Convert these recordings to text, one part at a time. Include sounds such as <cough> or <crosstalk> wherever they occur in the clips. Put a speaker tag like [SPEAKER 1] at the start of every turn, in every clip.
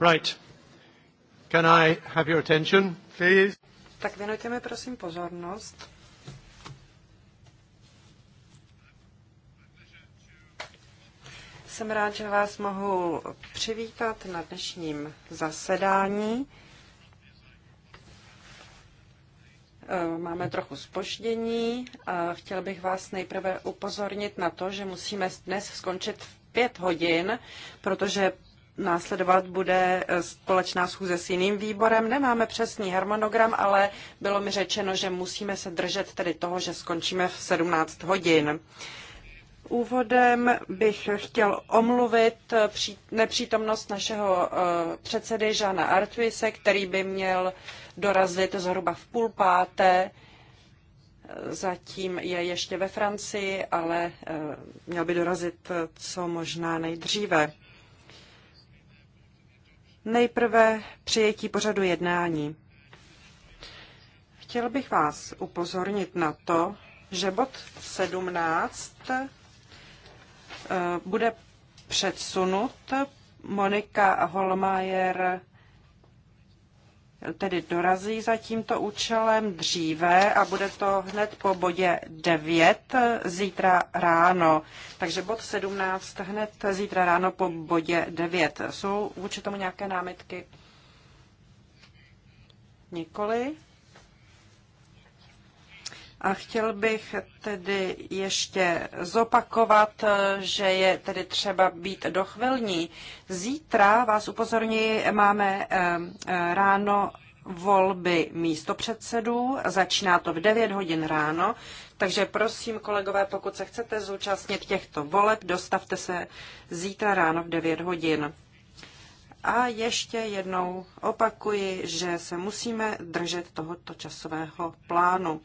[SPEAKER 1] Right. Can I have your attention, please? Tak věnujte mi prosím pozornost. Jsem rád, že vás mohu přivítat na dnešním zasedání. Máme trochu spoždění. Chtěl bych vás nejprve upozornit na to, že musíme dnes skončit v pět hodin, protože následovat bude eh, společná schůze s jiným výborem. Nemáme přesný harmonogram, ale bylo mi řečeno, že musíme se držet tedy toho, že skončíme v 17 hodin. Úvodem bych chtěl omluvit eh, nepřítomnost našeho eh, předsedy Žána Artuise, který by měl dorazit zhruba v půl páté. Zatím je ještě ve Francii, ale měl by dorazit co možná nejdříve. Nejprve přijetí pořadu jednání. Chtěl bych vás upozornit na to, že bod 17 eh, bude předsunut. Monika Holmajer tedy dorazí za tímto účelem dříve a bude to hned po bodě 9 zítra ráno. Takže bod 17 hned zítra ráno po bodě 9. Jsou vůči tomu nějaké námitky? Nikoli. A chtěl bych tedy ještě zopakovat, že je tedy třeba být dochvilní. Zítra, vás upozorňuji, máme ráno volby místopředsedů. Začíná to v 9 hodin ráno, takže prosím, kolegové, pokud se chcete zúčastnit těchto voleb, dostavte se zítra ráno v 9 hodin. A ještě jednou opakuji, že se musíme držet tohoto časového plánu.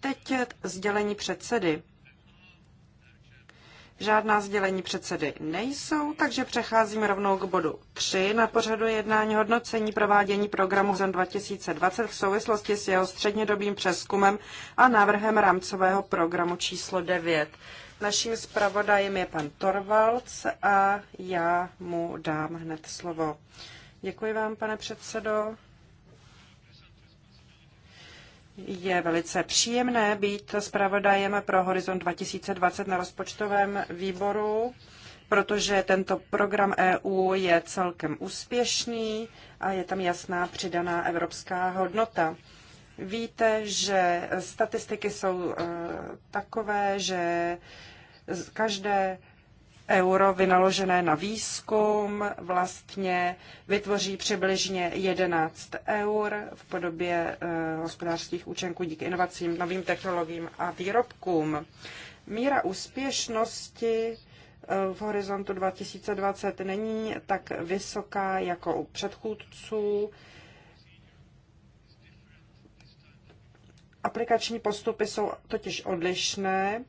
[SPEAKER 1] Teď sdělení předsedy. Žádná sdělení předsedy nejsou, takže přecházíme rovnou k bodu 3 na pořadu jednání hodnocení provádění programu ZON 2020 v souvislosti s jeho střednědobým přeskumem a návrhem rámcového programu číslo 9. Naším zpravodajem je pan Torvalds a já mu dám hned slovo. Děkuji vám, pane předsedo. Je velice příjemné být zpravodajem pro Horizont 2020 na rozpočtovém výboru, protože tento program EU je celkem úspěšný a je tam jasná přidaná evropská hodnota. Víte, že statistiky jsou eh, takové, že každé euro vynaložené na výzkum vlastně vytvoří přibližně 11 eur v podobě eh, hospodářských účinků díky inovacím, novým technologiím a výrobkům. Míra úspěšnosti eh, v horizontu 2020 není tak vysoká jako u předchůdců. Aplikační postupy jsou totiž odlišné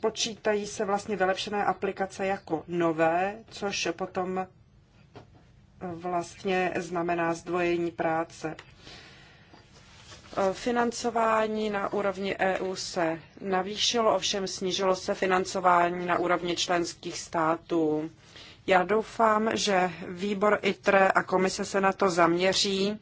[SPEAKER 1] počítají se vlastně vylepšené aplikace jako nové, což potom vlastně znamená zdvojení práce. Financování na úrovni EU se navýšilo, ovšem snížilo se financování na úrovni členských států. Já doufám, že výbor ITRE a komise se na to zaměří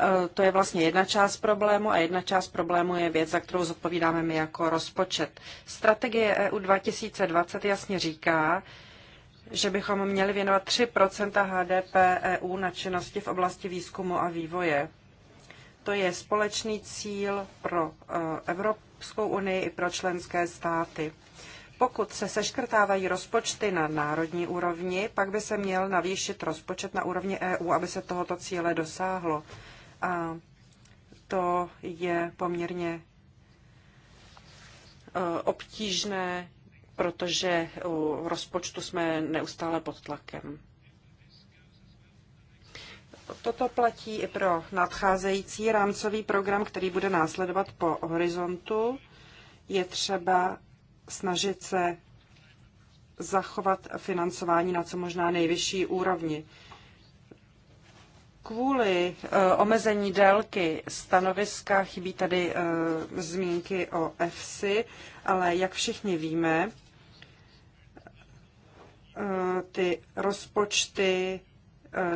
[SPEAKER 1] Eh, to je vlastně jedna část problému a jedna část problému je věc, za kterou zodpovídáme my jako rozpočet. Strategie EU 2020 jasně říká, že bychom měli věnovat 3 HDP EU na činnosti v oblasti výzkumu a vývoje. To je společný cíl pro eh, Evropskou unii i pro členské státy. Pokud se seškrtávají rozpočty na národní úrovni, pak by se měl navýšit rozpočet na úrovni EU, aby se tohoto cíle dosáhlo a to je poměrně eh, obtížné, protože u rozpočtu jsme neustále pod tlakem. Toto platí i pro nadcházející rámcový program, který bude následovat po horizontu. Je třeba snažit se zachovat financování na co možná nejvyšší úrovni. Kvůli eh, omezení délky stanoviska chybí tady eh, zmínky o EFSI, ale jak všichni víme, eh, ty rozpočty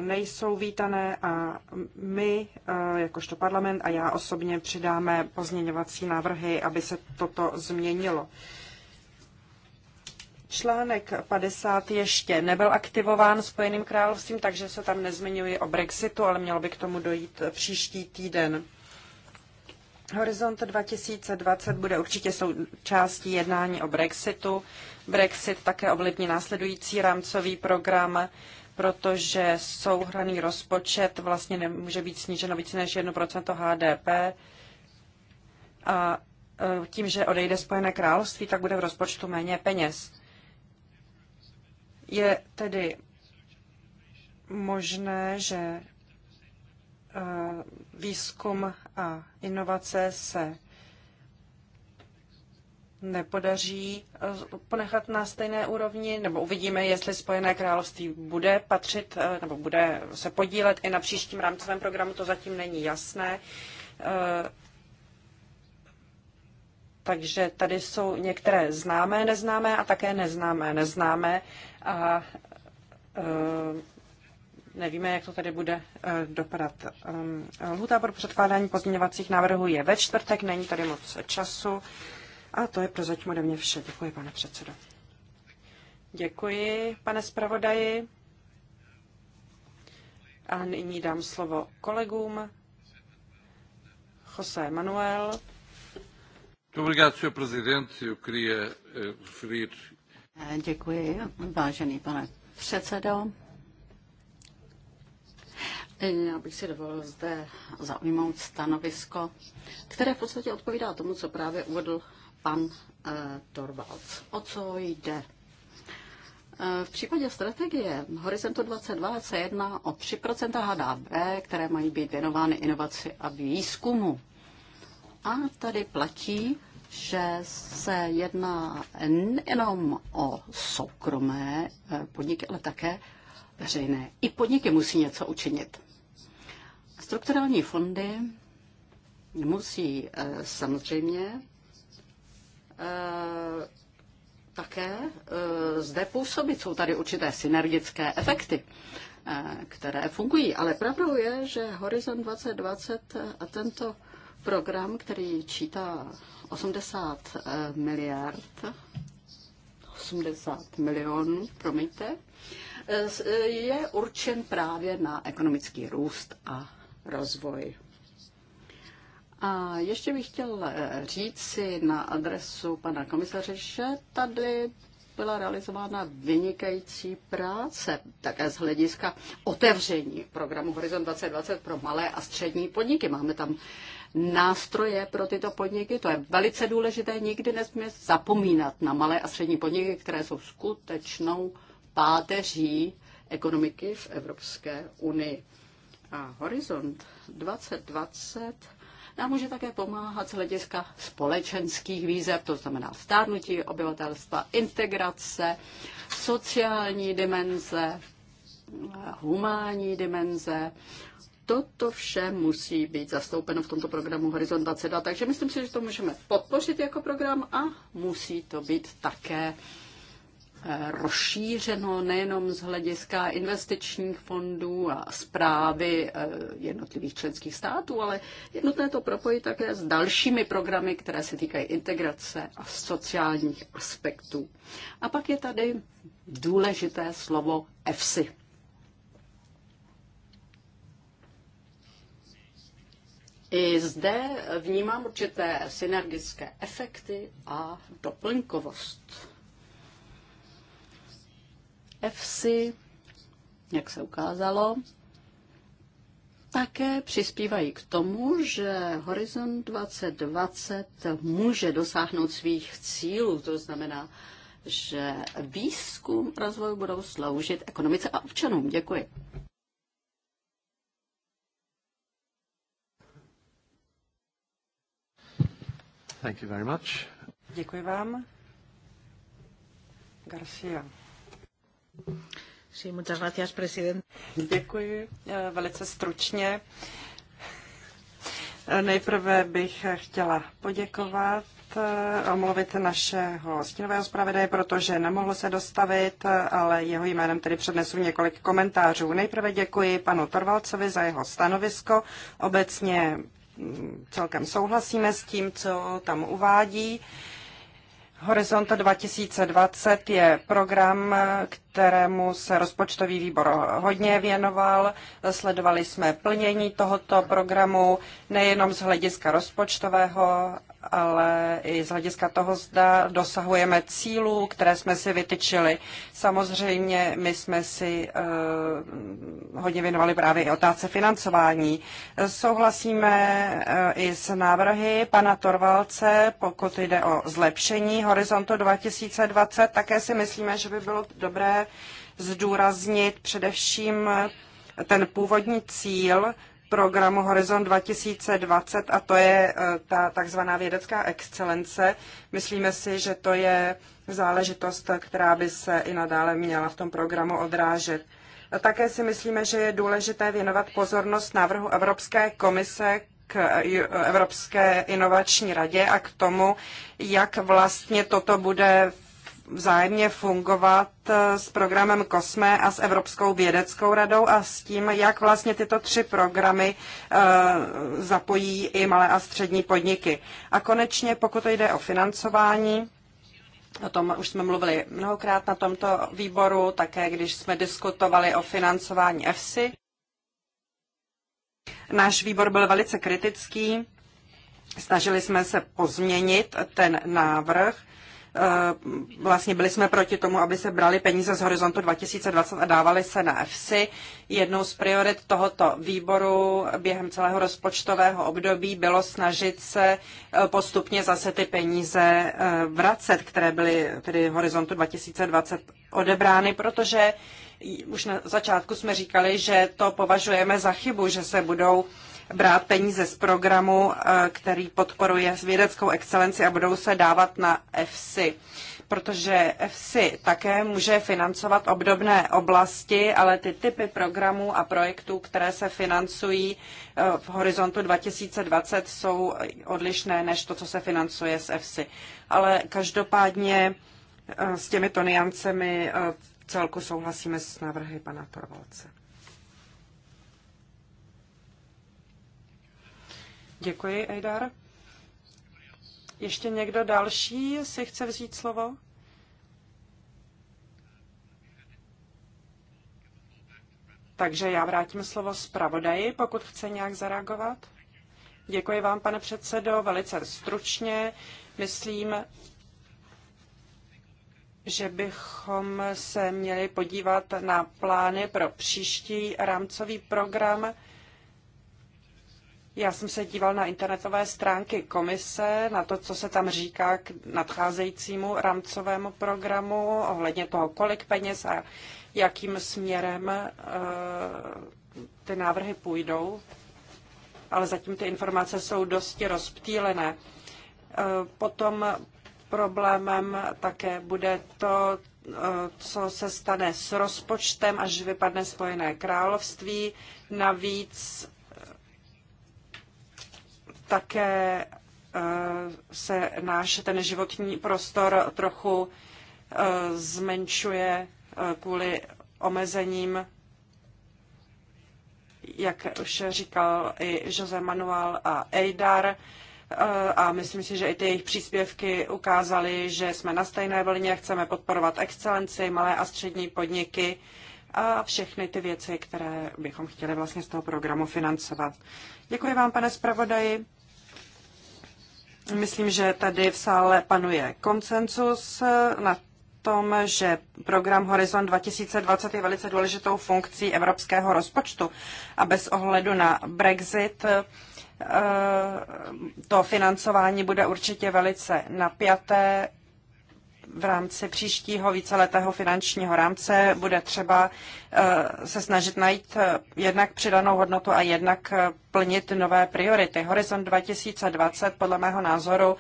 [SPEAKER 1] nejsou vítané a my, jakožto parlament a já osobně, přidáme pozměňovací návrhy, aby se toto změnilo. Článek 50 ještě nebyl aktivován Spojeným královstvím, takže se tam nezmiňuji o Brexitu, ale mělo by k tomu dojít příští týden. Horizont 2020 bude určitě součástí jednání o Brexitu. Brexit také ovlivní následující rámcový program, protože souhraný rozpočet vlastně nemůže být sníženo více než 1% HDP. A e, tím, že odejde Spojené království, tak bude v rozpočtu méně peněz. Je tedy možné, že eh, výzkum a inovace se nepodaří eh, ponechat na stejné úrovni, nebo uvidíme, jestli Spojené království bude patřit eh, nebo bude se podílet i na příštím rámcovém programu, to zatím není jasné. Takže tady jsou některé známé, neznámé a také neznámé, neznámé, a e, nevíme, jak to tady bude e, dopadat. E, Lhuta pro předkládání pozměňovacích návrhů je ve čtvrtek, není tady moc času. A to je prozatím ode mě vše. Děkuji, pane předsedo. Děkuji, pane zpravodaji. A nyní dám slovo kolegům. José Manuel.
[SPEAKER 2] Muito obrigado, Sr. Presidente. Eu queria eh, referir
[SPEAKER 3] Děkuji, vážený pane předsedo. Já bych si dovolil zde zaujmout stanovisko, které v podstatě odpovídá tomu, co právě uvedl pan uh, Torvalds. O co jde? Eh, v případě strategie Horizontu 22 se jedná o 3 HDB, které mají být věnovány inovaci a výzkumu. A tady platí, že se jedná nejenom o soukromé eh, podniky, ale také veřejné. I podniky musí něco učinit. Strukturální fondy musí eh, samozřejmě eh, také zde působit. Jsou tady určité synergické efekty, které fungují. Ale pravdou je, že Horizon 2020 a tento Program, který čítá 80 eh, miliard, 80 milionů, promiňte, eh, eh, je určen právě na ekonomický růst a rozvoj. A ještě bych chtěl říct si na adresu pana komisaře, že tady byla realizována vynikající práce, také z hlediska otevření programu Horizon 2020 pro malé a střední podniky. Máme tam nástroje pro tyto podniky. To je velice důležité. Nikdy nesmíme zapomínat na malé a střední podniky, které jsou skutečnou páteří ekonomiky v Evropské unii. A Horizont 2020 nám může také pomáhat z hlediska společenských výzev, to znamená stárnutí obyvatelstva, integrace, sociální dimenze, humánní dimenze toto vše musí být zastoupeno v tomto programu Horizon 22. Takže myslím si, že to můžeme podpořit jako program a musí to být také eh, rozšířeno nejenom z hlediska investičních fondů a zprávy eh, jednotlivých členských států, ale jednotné to propojit také s dalšími programy, které se týkají integrace a sociálních aspektů. A pak je tady důležité slovo EFSI. I zde vnímám určité synergické efekty a doplňkovost. FC, jak se ukázalo, také přispívají k tomu, že Horizon 2020 může dosáhnout svých cílů. To znamená, že výzkum rozvoju budou sloužit ekonomice a občanům. Děkuji.
[SPEAKER 1] Thank you very much. Děkuji vám. Garcia. Sí, muchas gracias, president. Děkuji. Eh, velice stručně. Eh, nejprve bych chtěla poděkovat eh, omluvit našeho stínového zpravodaje, protože nemohl se dostavit, ale jeho jménem tedy přednesu několik komentářů. Nejprve děkuji panu Torvalcovi za jeho stanovisko. Obecně celkem souhlasíme s tím, co tam uvádí. Horizont 2020 je program, kterému se rozpočtový výbor hodně věnoval. Sledovali jsme plnění tohoto programu nejenom z hlediska rozpočtového, ale i z hlediska toho, zda dosahujeme cílů, které jsme si vytyčili. Samozřejmě my jsme si uh, hodně věnovali právě i otázce financování. Souhlasíme uh, i s návrhy pana Torvalce, pokud jde o zlepšení horizontu 2020. Také si myslíme, že by bylo dobré zdůraznit především ten původní cíl, programu Horizon 2020 a to je eh, ta takzvaná vědecká excelence. Myslíme si, že to je záležitost, která by se i nadále měla v tom programu odrážet. Také si myslíme, že je důležité věnovat pozornost návrhu Evropské komise k eh, eh, Evropské inovační radě a k tomu, jak vlastně toto bude vzájemně fungovat eh, s programem COSME a s Evropskou vědeckou radou a s tím, jak vlastně tyto tři programy eh, zapojí i malé a střední podniky. A konečně, pokud jde o financování, O tom už jsme mluvili mnohokrát na tomto výboru, také když jsme diskutovali o financování EFSI. Náš výbor byl velice kritický. Snažili jsme se pozměnit ten návrh Eh, vlastně byli jsme proti tomu, aby se brali peníze z horizontu 2020 a dávali se na EFSI. Jednou z priorit tohoto výboru během celého rozpočtového období bylo snažit se eh, postupně zase ty peníze eh, vracet, které byly tedy horizontu 2020 odebrány, protože už na začátku jsme říkali, že to považujeme za chybu, že se budou uh, brát peníze z programu, eh, který podporuje vědeckou excelenci a budou se dávat na EFSI protože EFSI také může financovat obdobné oblasti, ale ty typy programů a projektů, které se financují eh, v horizontu 2020, jsou odlišné než to, co se financuje z EFSI. Ale každopádně eh, s těmito niancemi celku souhlasíme s návrhy pana Torvalce. Děkuji, Eidar. Ještě někdo další si chce vzít slovo? Takže já vrátím slovo zpravodaji, pokud chce nějak zareagovat. Děkuji vám, pane předsedo, velice stručně. Myslím, že bychom se měli podívat na plány pro příští rámcový program. Já jsem se díval na internetové stránky komise, na to, co se tam říká k nadcházejícímu rámcovému programu, ohledně toho, kolik peněz a jakým směrem eh, ty návrhy půjdou. Ale zatím ty informace jsou dosti rozptýlené. Eh, potom problémem také bude to, eh, co se stane s rozpočtem, až vypadne Spojené království. Navíc také eh, se náš ten životní prostor trochu eh, zmenšuje eh, kvůli omezením, jak už říkal i Jose Manuel a Eidar. A myslím si, že i ty jejich příspěvky ukázaly, že jsme na stejné vlně, chceme podporovat excelenci, malé a střední podniky a všechny ty věci, které bychom chtěli vlastně z toho programu financovat. Děkuji vám, pane zpravodaji. Myslím, že tady v sále panuje konsenzus na tom, že program Horizon 2020 je velice důležitou funkcí evropského rozpočtu a bez ohledu na Brexit eh, to financování bude určitě velice napjaté v rámci příštího víceletého finančního rámce bude třeba eh, se snažit najít eh, jednak přidanou hodnotu a jednak eh, plnit nové priority. Horizont 2020 podle mého názoru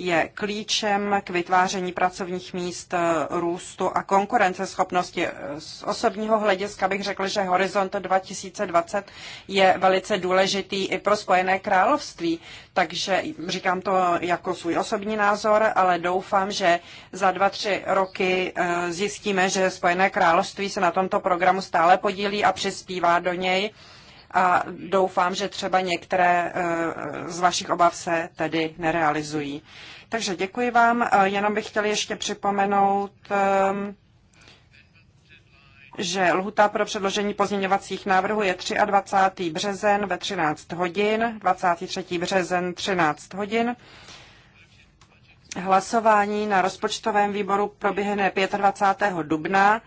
[SPEAKER 1] je klíčem k vytváření pracovních míst, eh, růstu a konkurenceschopnosti. Z osobního hlediska bych řekl, že Horizont 2020 je velice důležitý i pro Spojené království, takže říkám to jako svůj osobní názor, ale doufám, že za dva, tři roky eh, zjistíme, že Spojené království se na tomto programu stále podílí a přispívá do něj a doufám, že třeba některé eh, z vašich obav se tedy nerealizují. Takže děkuji vám. Eh, jenom bych chtěl ještě připomenout, eh, že lhuta pro předložení pozměňovacích návrhů je 23. březen ve 13 hodin, 23. březen 13 hodin. Hlasování na rozpočtovém výboru proběhne 25. dubna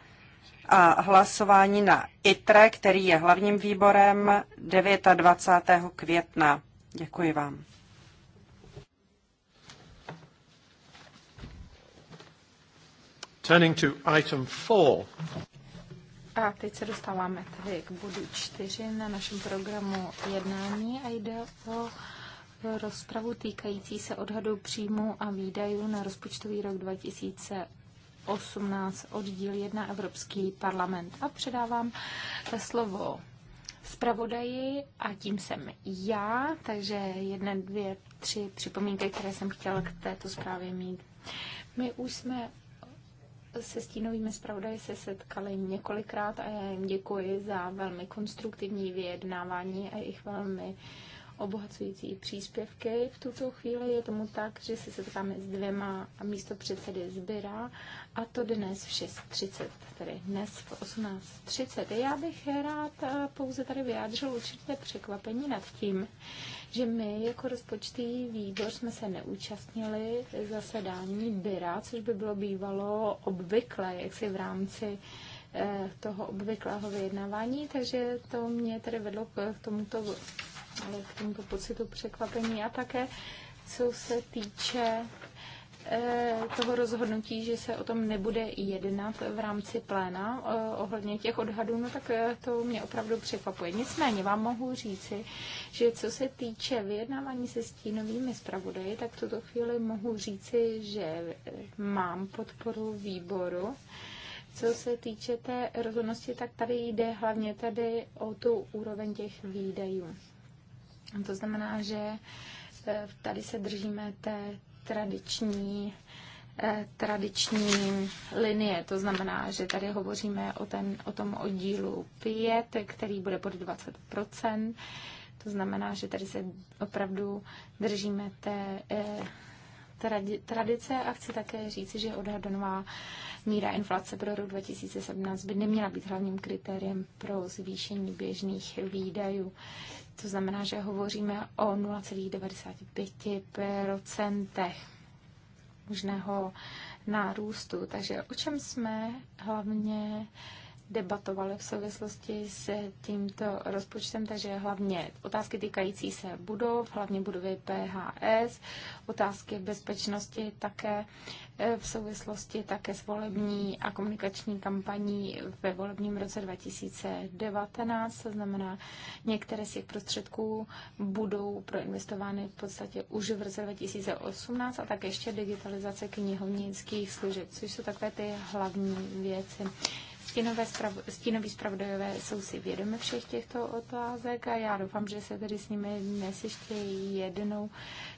[SPEAKER 1] a hlasování na ITRE, který je hlavním výborem 29. května. Děkuji vám. Turning to item four.
[SPEAKER 2] A teď se dostáváme tedy k bodu čtyři na našem programu jednání a jde o rozpravu týkající se odhadu příjmů a výdajů na rozpočtový rok 2000. 18 oddíl 1 Evropský parlament. A předávám slovo zpravodaji a tím jsem já, takže jedna, dvě, tři připomínky, které jsem chtěla k této zprávě mít. My už jsme se stínovými zpravodaji se setkali několikrát a já jim děkuji za velmi konstruktivní vyjednávání a jejich velmi uh, obohacující příspěvky. V tuto chvíli je tomu tak, že se setkáme s dvěma místo předsedy Zbyra a to dnes v 6.30, tedy dnes v 18.30. Já bych rád eh, pouze tady vyjádřil určité překvapení nad tím, že my jako rozpočtý výbor jsme se neúčastnili zasedání Byra, což by bylo bývalo obvykle, jak si v rámci eh, toho obvyklého vyjednávání, takže to mě tedy vedlo k tomuto ale k tomuto pocitu překvapení a také co se týče eh, toho rozhodnutí, že se o tom nebude jednat v rámci pléna eh, ohledně těch odhadů, no tak eh, to mě opravdu překvapuje. Nicméně vám mohu říci, že co se týče vyjednávání se stínovými zpravodaji, tak v tuto chvíli mohu říci, že mám podporu výboru. Co se týče té rozhodnosti, tak tady jde hlavně tady o tu úroveň těch výdajů. To znamená, že eh, tady se držíme té tradiční eh, tradiční linie. To znamená, že tady hovoříme o, ten, o tom oddílu 5, který bude pod 20 To znamená, že tady se opravdu držíme té eh, tradice a chci také říci, že odhadovaná míra inflace pro rok 2017 by neměla být hlavním kritériem pro zvýšení běžných výdajů. To znamená, že hovoříme o 0,95% možného nárůstu. Takže o čem jsme hlavně debatovali v souvislosti s tímto rozpočtem, takže hlavně otázky týkající se budov, hlavně budovy PHS, otázky bezpečnosti také eh, v souvislosti také s volební a komunikační kampaní ve volebním roce 2019, to znamená, některé z těch prostředků budou proinvestovány v podstatě už v roce 2018 a tak ještě digitalizace knihovnických služeb, což jsou takové ty hlavní věci. Stínové sprav, stínoví zpravodajové jsou si vědomi všech těchto otázek a já doufám, že se tedy s nimi dnes ještě jednou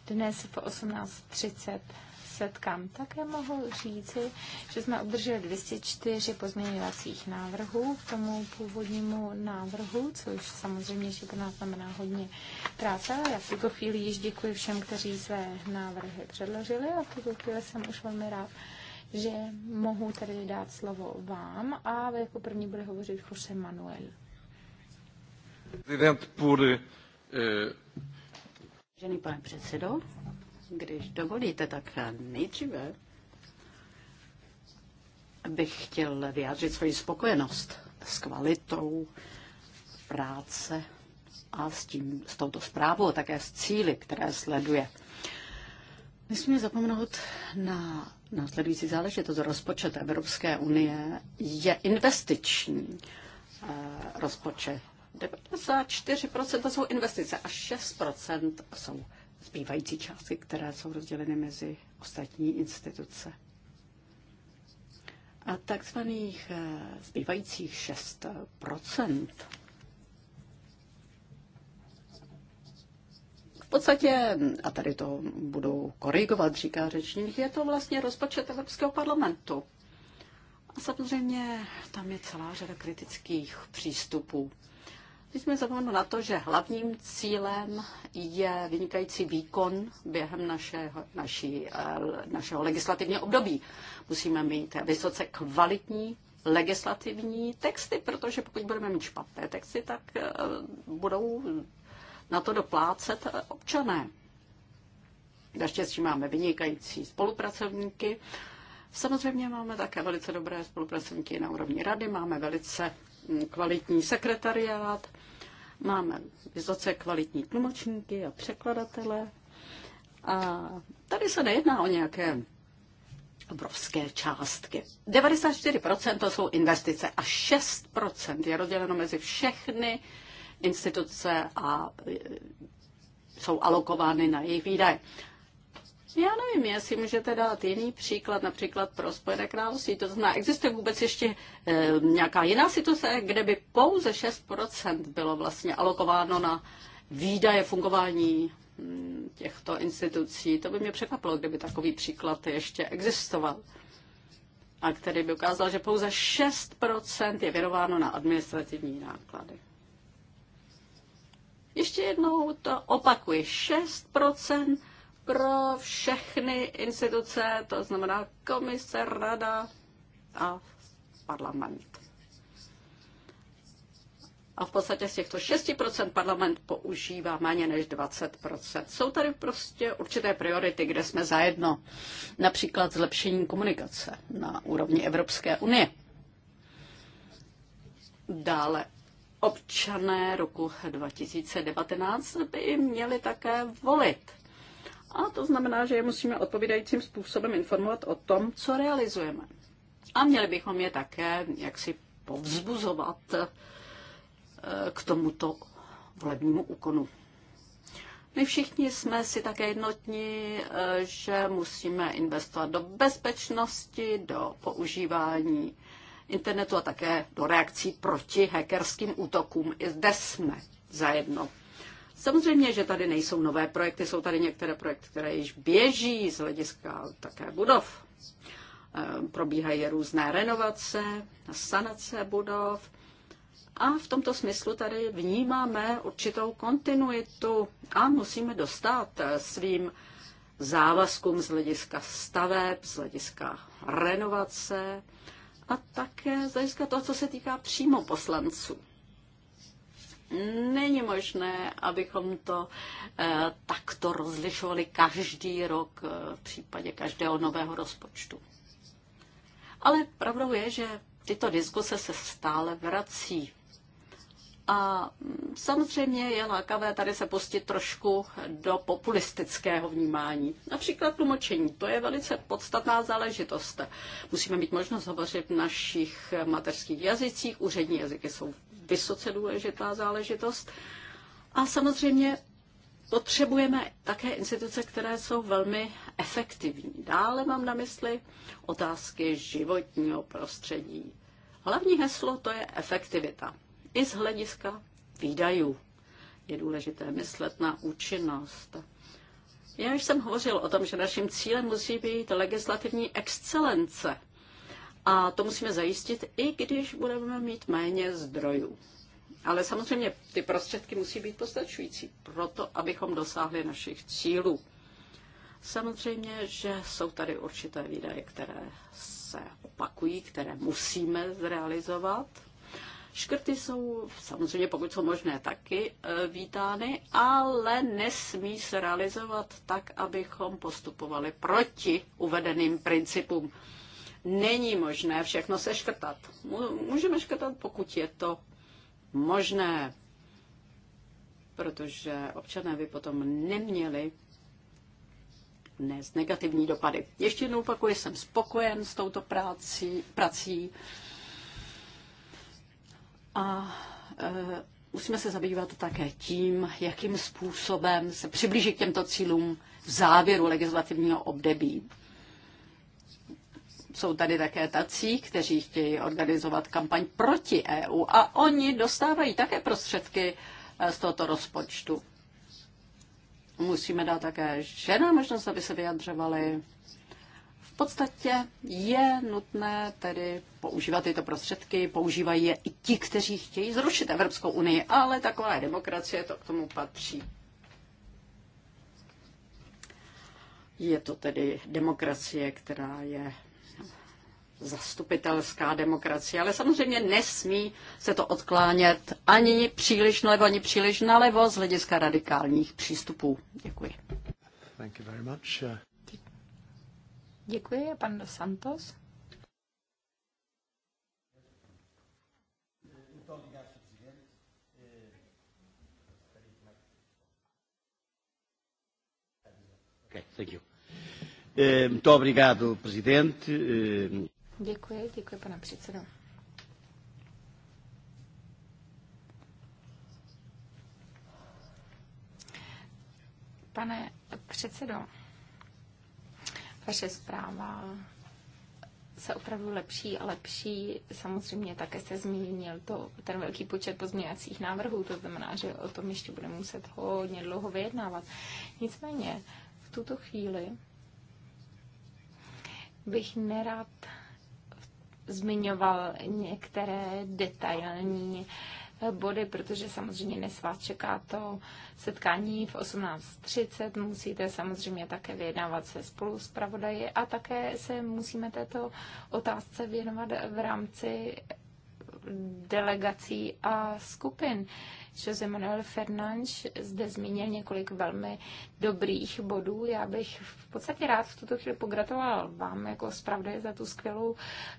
[SPEAKER 2] dnes v 18.30 setkám. Také mohu říci, že jsme obdrželi 204 pozměňovacích návrhů k tomu původnímu návrhu, což samozřejmě ještě pro nás znamená hodně práce. Já v tuto chvíli již děkuji všem, kteří své návrhy předložili a v tuto chvíli jsem už velmi rád, že mohu tady dát slovo vám a jako první bude hovořit Jose Manuel.
[SPEAKER 1] Prezident
[SPEAKER 3] eh, pane předsedo, když dovolíte, tak nejdříve bych chtěl vyjádřit svoji spokojenost s kvalitou práce a s, tím, s touto zprávou a také s cíly, které sleduje. Nesmíme zapomenout na následující záležitost. Rozpočet Evropské unie je investiční eh, rozpočet. 94% to jsou investice a 6% jsou zbývající částky, které jsou rozděleny mezi ostatní instituce. A takzvaných eh, zbývajících 6% podstatě, a tady to budu korigovat, říká řečník, je to vlastně rozpočet Evropského parlamentu. A samozřejmě tam je celá řada kritických přístupů. Když jsme zapomněli na to, že hlavním cílem je vynikající výkon během našeho, naší, eh, našeho legislativního období. Musíme mít vysoce kvalitní legislativní texty, protože pokud budeme mít špatné texty, tak eh, budou na to doplácet občané. Naštěstí máme vynikající spolupracovníky. Samozřejmě máme také velice dobré spolupracovníky na úrovni rady, máme velice mm, kvalitní sekretariát, máme vysoce kvalitní tlumočníky a překladatele. A tady se nejedná o nějaké obrovské částky. 94% to jsou investice a 6% je rozděleno mezi všechny instituce a e, jsou alokovány na jejich výdaje. Já nevím, jestli můžete dát jiný příklad, například pro Spojené království. To znamená, existuje vůbec ještě e, nějaká jiná situace, kde by pouze 6% bylo vlastně alokováno na výdaje fungování hm, těchto institucí. To by mě překvapilo, kdyby takový příklad ještě existoval. A který by ukázal, že pouze 6% je věnováno na administrativní náklady. Ještě jednou to opakuji, 6% pro všechny instituce, to znamená komise, rada a parlament. A v podstatě z těchto 6% parlament používá méně než 20%. Jsou tady prostě určité priority, kde jsme zajedno. Například zlepšení komunikace na úrovni Evropské unie. Dále občané roku 2019 by měli také volit. A to znamená, že je musíme odpovídajícím způsobem informovat o tom, co realizujeme. A měli bychom je také jaksi povzbuzovat eh, k tomuto volebnímu úkonu. My všichni jsme si také jednotní, eh, že musíme investovat do bezpečnosti, do používání internetu a také do reakcí proti hackerským útokům. I zde jsme zajedno. Samozřejmě, že tady nejsou nové projekty, jsou tady některé projekty, které již běží z hlediska také budov. Eh, probíhají různé renovace, sanace budov. A v tomto smyslu tady vnímáme určitou kontinuitu a musíme dostat eh, svým závazkům z hlediska staveb, z hlediska renovace, a také z hlediska toho, co se týká přímo poslanců. Není možné, abychom to eh, takto rozlišovali každý rok eh, v případě každého nového rozpočtu. Ale pravdou je, že tyto diskuse se stále vrací a mm, samozřejmě je lákavé tady se pustit trošku do populistického vnímání. Například tlumočení, to je velice podstatná záležitost. Musíme mít možnost hovořit v našich mateřských jazycích, úřední jazyky jsou vysoce důležitá záležitost. A samozřejmě potřebujeme také instituce, které jsou velmi efektivní. Dále mám na mysli otázky životního prostředí. Hlavní heslo to je efektivita i z hlediska výdajů. Je důležité myslet na účinnost. Já už jsem hovořil o tom, že naším cílem musí být legislativní excelence. A to musíme zajistit, i když budeme mít méně zdrojů. Ale samozřejmě ty prostředky musí být postačující pro to, abychom dosáhli našich cílů. Samozřejmě, že jsou tady určité výdaje, které se opakují, které musíme zrealizovat. Škrty jsou samozřejmě, pokud jsou možné, taky e, vítány, ale nesmí se realizovat tak, abychom postupovali proti uvedeným principům. Není možné všechno seškrtat. Můžeme škrtat, pokud je to možné, protože občané by potom neměli dnes negativní dopady. Ještě jednou opakuju, jsem spokojen s touto prací, prací a e, musíme se zabývat také tím, jakým způsobem se přiblížit k těmto cílům v závěru legislativního období. Jsou tady také tací, kteří chtějí organizovat kampaň proti EU a oni dostávají také prostředky e, z tohoto rozpočtu. Musíme dát také žena možnost, aby se vyjadřovaly v podstatě je nutné tedy používat tyto prostředky, používají je i ti, kteří chtějí zrušit Evropskou unii, ale taková je demokracie, to k tomu patří. Je to tedy demokracie, která je zastupitelská demokracie, ale samozřejmě nesmí se to odklánět ani příliš nalevo, ani příliš nalevo z hlediska radikálních
[SPEAKER 2] přístupů. Děkuji. Thank you very much. Děkuji, pan Dos Santos.
[SPEAKER 3] Eh, eh,
[SPEAKER 2] děkuji, děkuji, pane předsedo. Pane předsedo, vaše zpráva se opravdu lepší a lepší. Samozřejmě také se zmínil to, ten velký počet pozměňovacích návrhů, to znamená, že o tom ještě budeme muset hodně dlouho vyjednávat. Nicméně v tuto chvíli bych nerad zmiňoval některé detailní uh, body, protože samozřejmě dnes vás čeká to setkání v 18.30. Musíte samozřejmě také vyjednávat se spolu s pravodaji a také se musíme této otázce věnovat v rámci delegací a skupin. Jose Manuel Fernandes zde zmínil několik velmi dobrých bodů. Já bych v podstatě rád v tuto chvíli pogratuloval vám jako zpravdě za tu skvělou,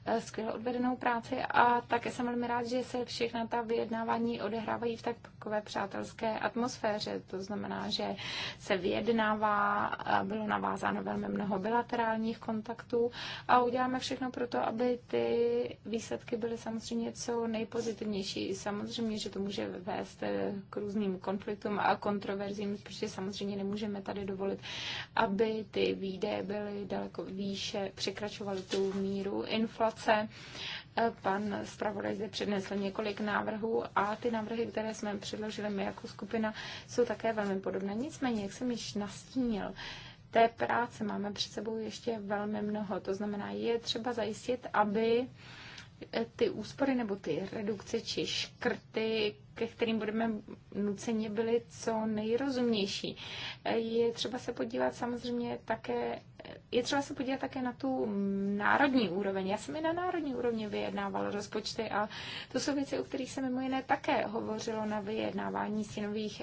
[SPEAKER 2] eh, skvěle odvedenou práci a také jsem velmi rád, že se všechna ta vyjednávání odehrávají v takové přátelské atmosféře. To znamená, že se vyjednává, eh, bylo navázáno velmi mnoho bilaterálních kontaktů a uděláme všechno pro to, aby ty výsledky byly samozřejmě co nejpozitivnější. Samozřejmě, že to může vést se eh, k různým konfliktům a kontroverzím, protože samozřejmě nemůžeme tady dovolit, aby ty výdaje byly daleko výše, překračovaly tu míru inflace. Eh, pan zpravodaj zde přednesl několik návrhů a ty návrhy, které jsme předložili my jako skupina, jsou také velmi podobné. Nicméně, jak jsem již nastínil, té práce máme před sebou ještě velmi mnoho. To znamená, je třeba zajistit, aby Eh, ty úspory nebo ty redukce či škrty, ke kterým budeme nuceně byli co nejrozumnější. Eh, je třeba se podívat samozřejmě také je třeba se podívat také na tu národní úroveň. Já jsem i na národní úrovni vyjednávala rozpočty a to jsou věci, o kterých se mimo jiné také hovořilo na vyjednávání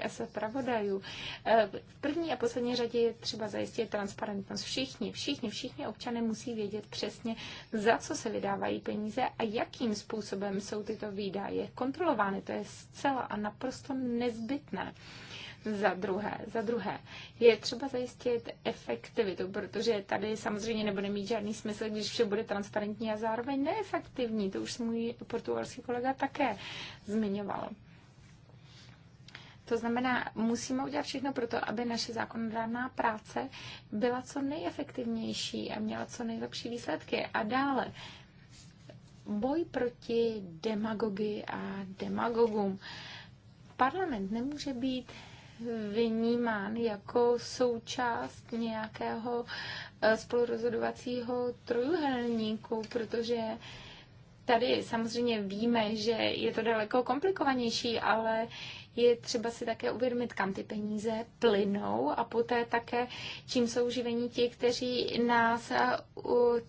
[SPEAKER 2] SF pravodajů. Eh, v první a poslední řadě je třeba zajistit transparentnost. Všichni, všichni, všichni občané musí vědět přesně, za co se vydávají peníze a jakým způsobem jsou tyto výdaje kontrolovány. To je zcela a naprosto nezbytné. Za druhé, za druhé, je třeba zajistit efektivitu, protože tady samozřejmě nebude mít žádný smysl, když vše bude transparentní a zároveň neefektivní. To už můj portugalský kolega také zmiňoval. To znamená, musíme udělat všechno pro to, aby naše zákonodárná práce byla co nejefektivnější a měla co nejlepší výsledky. A dále, boj proti demagogii a demagogům. Parlament nemůže být vnímán jako součást nějakého eh, spolurozhodovacího trojuhelníku, protože tady samozřejmě víme, že je to daleko komplikovanější, ale je třeba si také uvědomit, kam ty peníze plynou a poté také, čím jsou živení ti, kteří, nás, eh,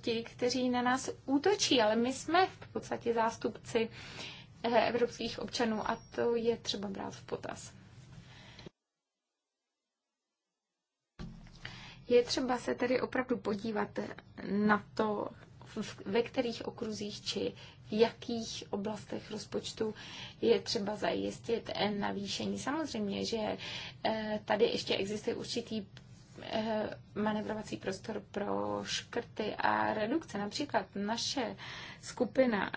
[SPEAKER 2] ti, kteří na nás útočí. Ale my jsme v podstatě zástupci eh, evropských občanů a to je třeba brát v potaz. Je třeba se tedy opravdu podívat na to, ve kterých okruzích či v jakých oblastech rozpočtu je třeba zajistit eh, navýšení. Samozřejmě, že eh, tady ještě existuje určitý eh, manevrovací prostor pro škrty a redukce. Například naše skupina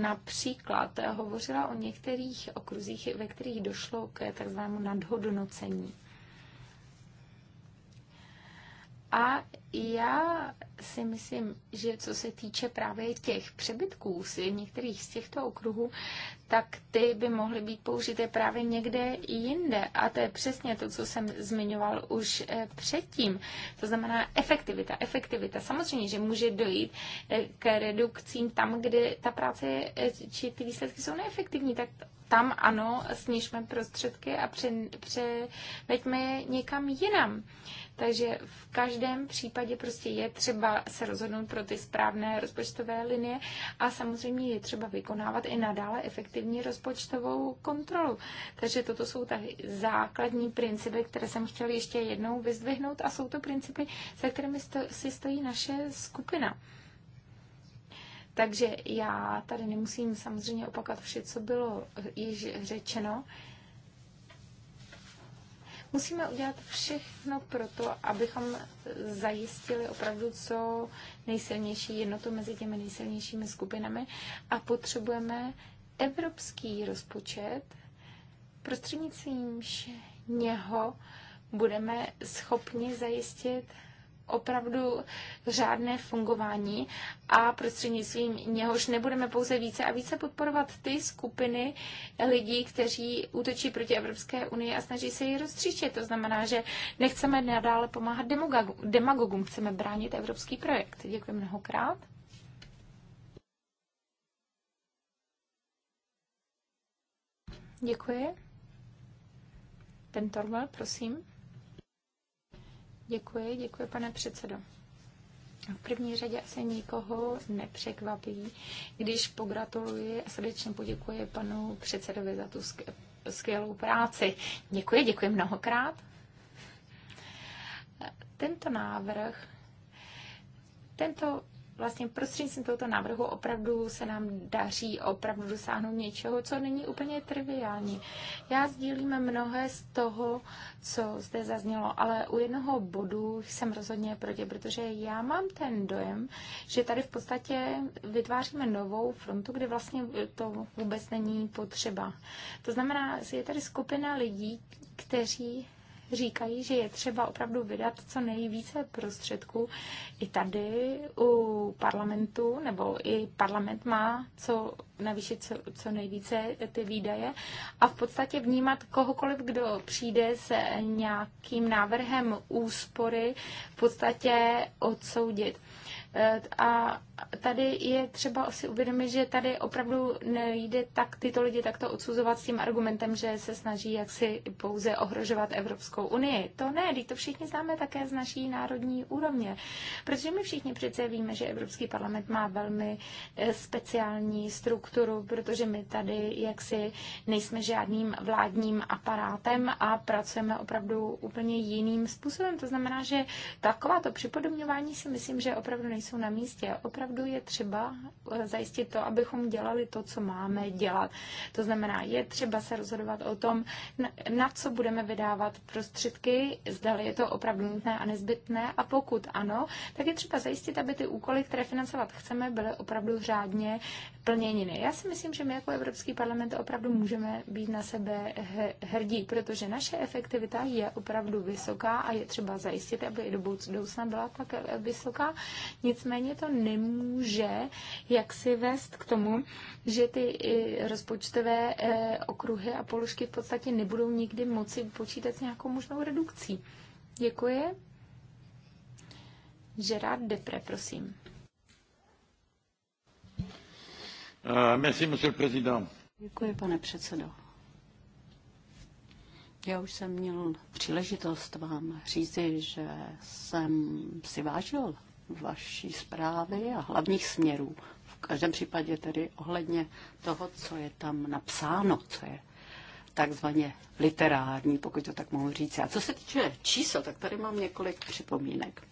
[SPEAKER 2] například hovořila o některých okruzích, ve kterých došlo k takzvanému nadhodnocení. A já si myslím, že co se týče právě těch přebytků z některých z těchto okruhů, tak ty by mohly být použité právě někde jinde. A to je přesně to, co jsem zmiňoval už eh, předtím. To znamená efektivita, efektivita. Samozřejmě, že může dojít eh, k redukcím tam, kde ta práce eh, či ty výsledky jsou neefektivní, tak tam ano, snižme prostředky a převeďme je někam jinam. Takže v každém případě prostě je třeba se rozhodnout pro ty správné rozpočtové linie a samozřejmě je třeba vykonávat i nadále efektivní rozpočtovou kontrolu. Takže toto jsou ty základní principy, které jsem chtěla ještě jednou vyzdvihnout a jsou to principy, za kterými sto, si stojí naše skupina. Takže já tady nemusím samozřejmě opakovat vše, co bylo eh, již řečeno. Musíme udělat všechno pro to, abychom zajistili opravdu co nejsilnější jednotu mezi těmi nejsilnějšími skupinami a potřebujeme evropský rozpočet, prostřednictvím něho budeme schopni zajistit opravdu řádné fungování a prostřednictvím něhož nebudeme pouze více a více podporovat ty skupiny lidí, kteří útočí proti Evropské unii a snaží se ji rozstříčit. To znamená, že nechceme nadále pomáhat demagogům, chceme bránit evropský projekt. Děkuji mnohokrát. Děkuji. Ten prosím. Děkuji, děkuji, pane předsedo. V první řadě asi nikoho nepřekvapí, když pogratuluji a srdečně poděkuji panu předsedovi za tu skvělou práci. Děkuji, děkuji mnohokrát. Tento návrh, tento vlastně prostřednictvím tohoto návrhu opravdu se nám daří opravdu dosáhnout něčeho, co není úplně triviální. Já sdílím mnohé z toho, co zde zaznělo, ale u jednoho bodu jsem rozhodně proti, protože já mám ten dojem, že tady v podstatě vytváříme novou frontu, kde vlastně to vůbec není potřeba. To znamená, je tady skupina lidí, kteří říkají, že je třeba opravdu vydat co nejvíce prostředků. I tady u parlamentu, nebo i parlament má co navýšit co, co nejvíce ty výdaje a v podstatě vnímat kohokoliv, kdo přijde s nějakým návrhem úspory, v podstatě odsoudit. Eh, a tady je třeba si uvědomit, že tady opravdu nejde tak tyto lidi takto odsuzovat s tím argumentem, že se snaží jaksi pouze ohrožovat Evropskou unii. To ne, to všichni známe také z naší národní úrovně. Protože my všichni přece víme, že Evropský parlament má velmi eh, speciální strukturu, protože my tady jaksi nejsme žádným vládním aparátem a pracujeme opravdu úplně jiným způsobem. To znamená, že takováto připodobňování si myslím, že opravdu nejsou nejsou na místě. Opravdu je třeba eh, zajistit to, abychom dělali to, co máme dělat. To znamená, je třeba se rozhodovat o tom, na co budeme vydávat prostředky, zdali je to opravdu nutné a nezbytné a pokud ano, tak je třeba zajistit, aby ty úkoly, které financovat chceme, byly opravdu řádně plněniny. Já si myslím, že my jako Evropský parlament opravdu můžeme být na sebe hrdí, protože naše efektivita je opravdu vysoká a je třeba zajistit, aby i do budoucna byla tak vysoká. Nicméně to nemůže jaksi vést k tomu, že ty eh, rozpočtové eh, okruhy a položky v podstatě nebudou nikdy moci počítat s nějakou možnou redukcí. Děkuji. Gerard Depre, prosím.
[SPEAKER 1] Eh,
[SPEAKER 3] Děkuji, pane předsedo. Já už jsem měl příležitost vám říci, že jsem si vážil vaší zprávy a hlavních směrů. V každém případě tedy ohledně toho, co je tam napsáno, co je takzvaně literární, pokud to tak mohu říct. A co se týče čísel, tak tady mám několik připomínek.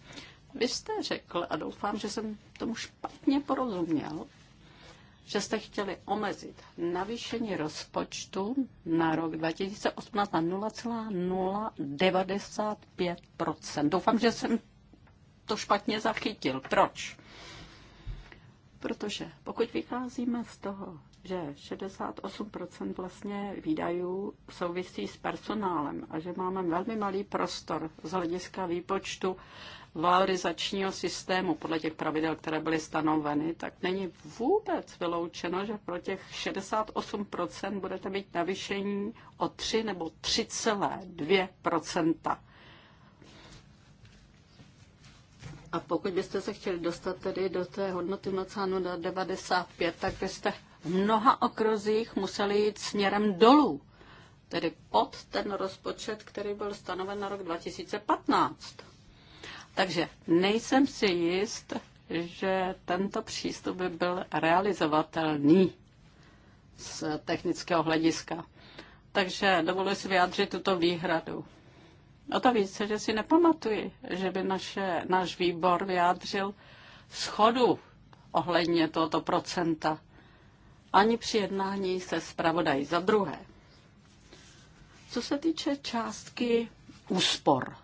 [SPEAKER 3] Vy jste řekl, a doufám, že jsem tomu špatně porozuměl, že jste chtěli omezit navýšení rozpočtu na rok 2018 na 0,095 Doufám, že jsem to špatně zachytil. Proč? Protože pokud vycházíme z toho, že 68% vlastně výdajů souvisí s personálem a že máme velmi malý prostor z hlediska výpočtu valorizačního systému podle těch pravidel, které byly stanoveny, tak není vůbec vyloučeno, že pro těch 68% budete mít navýšení o 3 nebo 3,2%. A pokud byste se chtěli dostat tedy do té hodnoty mnocánu na 95, tak byste v mnoha okrozích museli jít směrem dolů, tedy pod ten rozpočet, který byl stanoven na rok 2015. Takže nejsem si jist, že tento přístup by byl realizovatelný z technického hlediska. Takže dovoluji si vyjádřit tuto výhradu. O no to více, že si nepamatuji, že by naše, náš výbor vyjádřil schodu ohledně tohoto procenta. Ani při jednání se zpravodají za druhé. Co se týče částky úspor,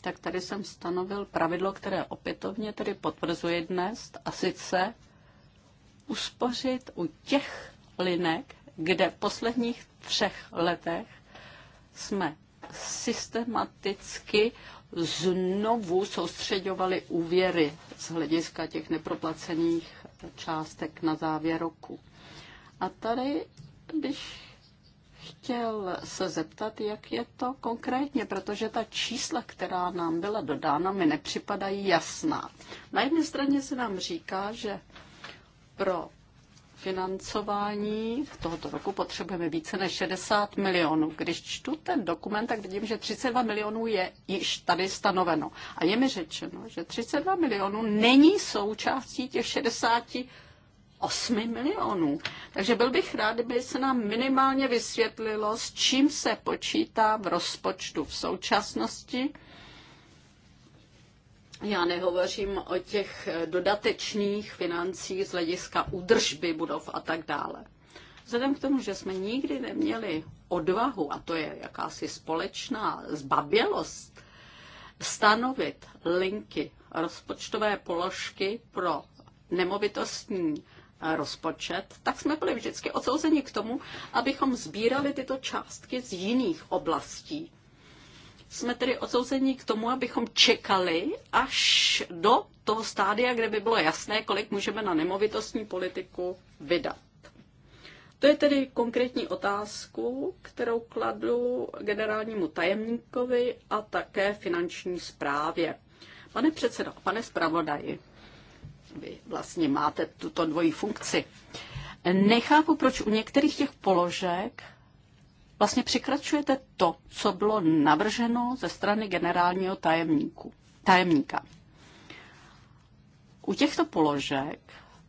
[SPEAKER 3] tak tady jsem stanovil pravidlo, které opětovně tedy potvrzuje dnes, a sice uspořit u těch linek, kde v posledních třech letech jsme systematicky znovu soustředovali úvěry z hlediska těch neproplacených částek na závěr roku. A tady bych chtěl se zeptat, jak je to konkrétně, protože ta čísla, která nám byla dodána, mi nepřipadají jasná. Na jedné straně se nám říká, že pro financování v tohoto roku potřebujeme více než 60 milionů. Když čtu ten dokument, tak vidím, že 32 milionů je již tady stanoveno. A je mi řečeno, že 32 milionů není součástí těch 60 8 milionů. Takže byl bych rád, kdyby se nám minimálně vysvětlilo, s čím se počítá v rozpočtu v současnosti já nehovořím o těch eh, dodatečných financích z hlediska údržby budov a tak dále. Vzhledem k tomu, že jsme nikdy neměli odvahu, a to je jakási společná zbabělost, stanovit linky rozpočtové položky pro nemovitostní eh, rozpočet, tak jsme byli vždycky odsouzeni k tomu, abychom sbírali tyto částky z jiných oblastí jsme tedy odsouzeni k tomu, abychom čekali až do toho stádia, kde by bylo jasné, kolik můžeme na nemovitostní politiku vydat. To je tedy konkrétní otázku, kterou kladu generálnímu tajemníkovi a také finanční správě. Pane předsedo, pane zpravodaji, vy vlastně máte tuto dvojí funkci. Nechápu, proč u některých těch položek vlastně překračujete to, co bylo navrženo ze strany generálního tajemníku, tajemníka. U těchto položek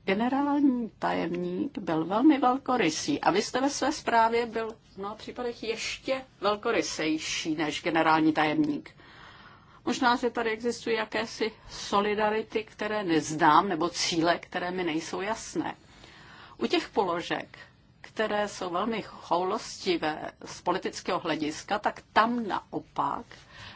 [SPEAKER 3] generální tajemník byl velmi velkorysý a vy jste ve své zprávě byl v mnoha případech ještě velkorysejší než generální tajemník. Možná, že tady existují jakési solidarity, které neznám, nebo cíle, které mi nejsou jasné. U těch položek které jsou velmi choulostivé z politického hlediska, tak tam naopak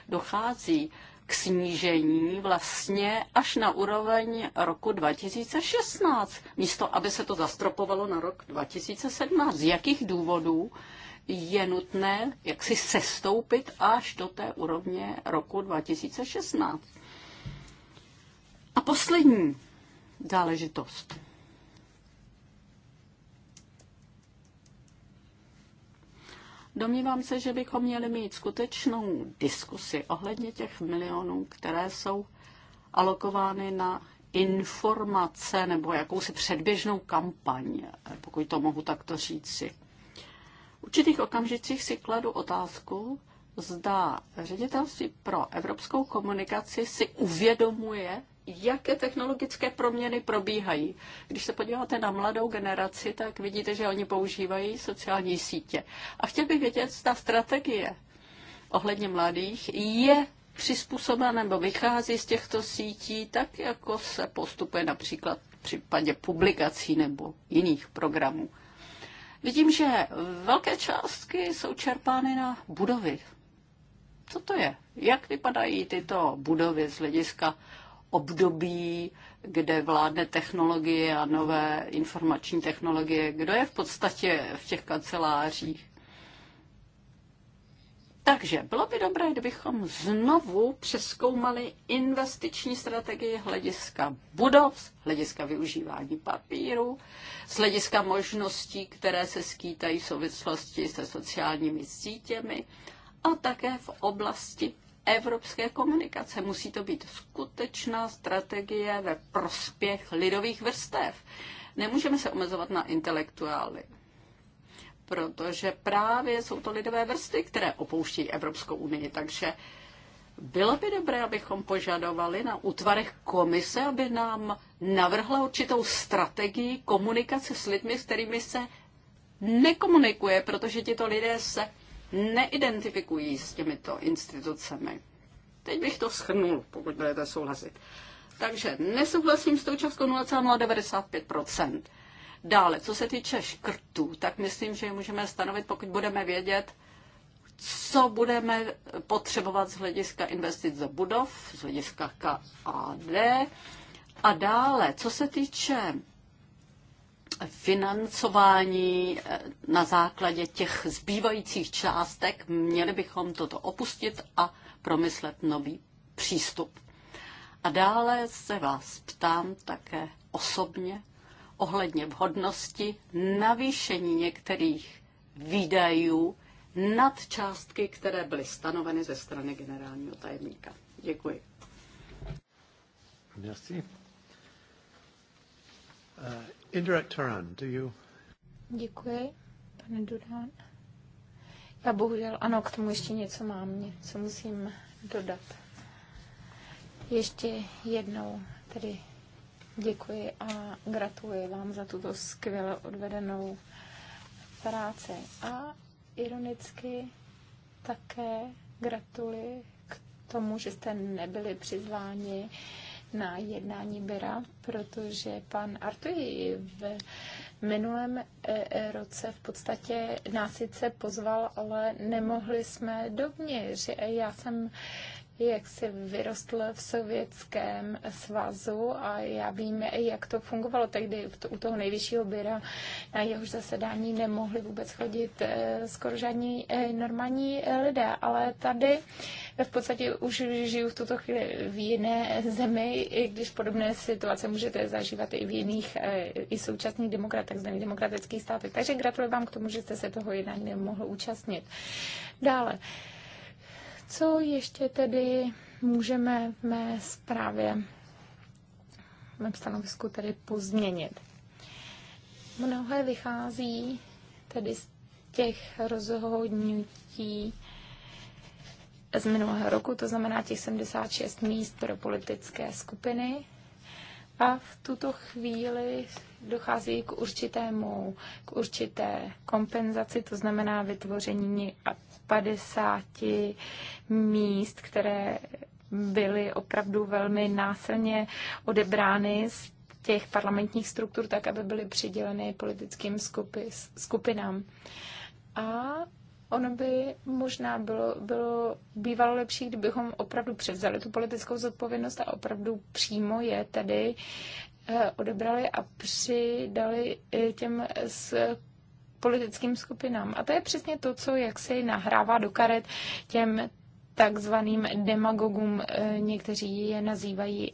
[SPEAKER 3] dochází k snížení vlastně až na úroveň roku 2016, místo aby se to zastropovalo na rok 2017. Z jakých důvodů je nutné jaksi sestoupit až do té úrovně roku 2016? A poslední záležitost. Domnívám se, že bychom měli mít skutečnou diskusi ohledně těch milionů, které jsou alokovány na informace nebo jakousi předběžnou kampaň, pokud to mohu takto říci. V určitých okamžicích si kladu otázku, zda ředitelství pro evropskou komunikaci si uvědomuje jaké technologické proměny probíhají. Když se podíváte na mladou generaci, tak vidíte, že oni používají sociální sítě. A chtěl bych vědět, zda strategie ohledně mladých je přizpůsobena nebo vychází z těchto sítí, tak jako se postupuje například v případě publikací nebo jiných programů. Vidím, že velké částky jsou čerpány na budovy. Co to je? Jak vypadají tyto budovy z hlediska období, kde vládne technologie a nové informační technologie. Kdo je v podstatě v těch kancelářích? Takže bylo by dobré, kdybychom znovu přeskoumali investiční strategii hlediska budov, hlediska využívání papíru, z hlediska možností, které se skýtají v souvislosti se sociálními sítěmi a také v oblasti evropské komunikace. Musí to být skutečná strategie ve prospěch lidových vrstev. Nemůžeme se omezovat na intelektuály, protože právě jsou to lidové vrsty, které opouští Evropskou unii. Takže bylo by dobré, abychom požadovali na útvarech komise, aby nám navrhla určitou strategii komunikace s lidmi, s kterými se nekomunikuje, protože tito lidé se neidentifikují s těmito institucemi. Teď bych to schrnul, pokud budete souhlasit. Takže nesouhlasím s tou částkou 0,95%. Dále, co se týče škrtů, tak myslím, že je můžeme stanovit, pokud budeme vědět, co budeme potřebovat z hlediska investic do budov, z hlediska KAD. A dále, co se týče financování eh, na základě těch zbývajících částek, měli bychom toto opustit a promyslet nový přístup. A dále se vás ptám také osobně ohledně vhodnosti navýšení některých výdajů nad částky, které byly stanoveny ze strany generálního tajemníka. Děkuji. Merci.
[SPEAKER 1] Uh, Indirect Turan, do you...
[SPEAKER 2] Děkuji, pane Durán. Já bohužel, ano, k tomu ještě něco mám, něco musím dodat. Ještě jednou tedy děkuji a gratuluji vám za tuto skvěle odvedenou práci. A ironicky také gratuluji k tomu, že jste nebyli přizváni na jednání Byra, protože pan Artuji v minulém e, e, roce v podstatě nás sice pozval, ale nemohli jsme dovnitř. E, já jsem jak se vyrostl v Sovětském svazu a já vím, jak to fungovalo tehdy u toho nejvyššího byra. Na jehož zasedání nemohli vůbec chodit eh, skoro žádní eh, normální lidé, ale tady v podstatě už žiju v tuto chvíli v jiné zemi, i když podobné situace můžete zažívat i v jiných, eh, i současných demokratech, zemí demokratických státech. Takže gratuluji vám k tomu, že jste se toho jednání nemohl účastnit. Dále. Co ještě tedy můžeme v mé zprávě, v mém stanovisku tedy pozměnit? Mnohé vychází tedy z těch rozhodnutí z minulého roku, to znamená těch 76 míst pro politické skupiny, a v tuto chvíli dochází k určitému, k určité kompenzaci, to znamená vytvoření 50 míst, které byly opravdu velmi násilně odebrány z těch parlamentních struktur, tak aby byly přiděleny politickým skupinám. A ono by možná bylo, bylo bývalo lepší, kdybychom opravdu převzali tu politickou zodpovědnost a opravdu přímo je tedy eh, odebrali a přidali eh, těm s politickým skupinám. A to je přesně to, co jak se nahrává do karet těm takzvaným demagogům, eh, někteří je nazývají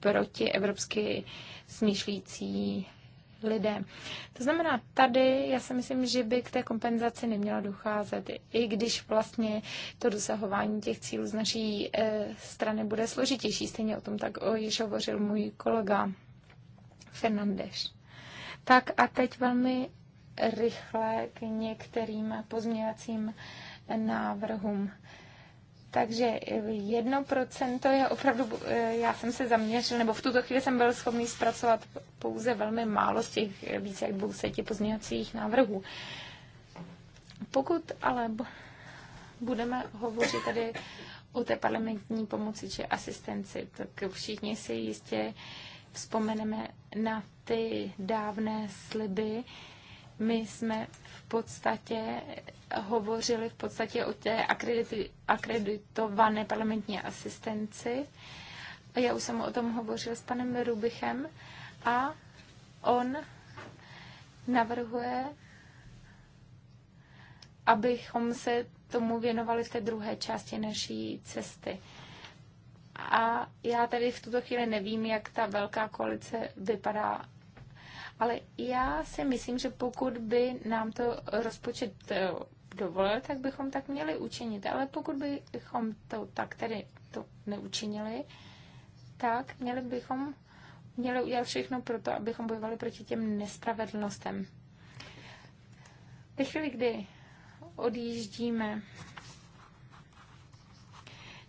[SPEAKER 2] proti evropsky smýšlící lidé. To znamená, tady já si myslím, že by k té kompenzaci neměla docházet, i když vlastně to dosahování těch cílů z naší eh, strany bude složitější. Stejně o tom tak o, již hovořil můj kolega Fernandeš. Tak a teď velmi rychle k některým pozměňovacím návrhům. Takže eh, jedno procento je opravdu, eh, já jsem se zaměřil, nebo v tuto chvíli jsem byl schopný zpracovat pouze velmi málo z těch eh, více jak 200 pozměňovacích návrhů. Pokud ale budeme hovořit tady o té parlamentní pomoci či asistenci, tak všichni si jistě vzpomeneme na ty dávné sliby. My jsme podstatě hovořili v podstatě o té akreditované parlamentní asistenci. Já už jsem o tom hovořil s panem Rubichem a on navrhuje, abychom se tomu věnovali v té druhé části naší cesty. A já tady v tuto chvíli nevím, jak ta velká koalice vypadá ale já si myslím, že pokud by nám to rozpočet eh, dovolil, tak bychom tak měli učinit. Ale pokud bychom to tak tedy to neučinili, tak měli bychom měli udělat všechno pro to, abychom bojovali proti těm nespravedlnostem. Ve chvíli, kdy odjíždíme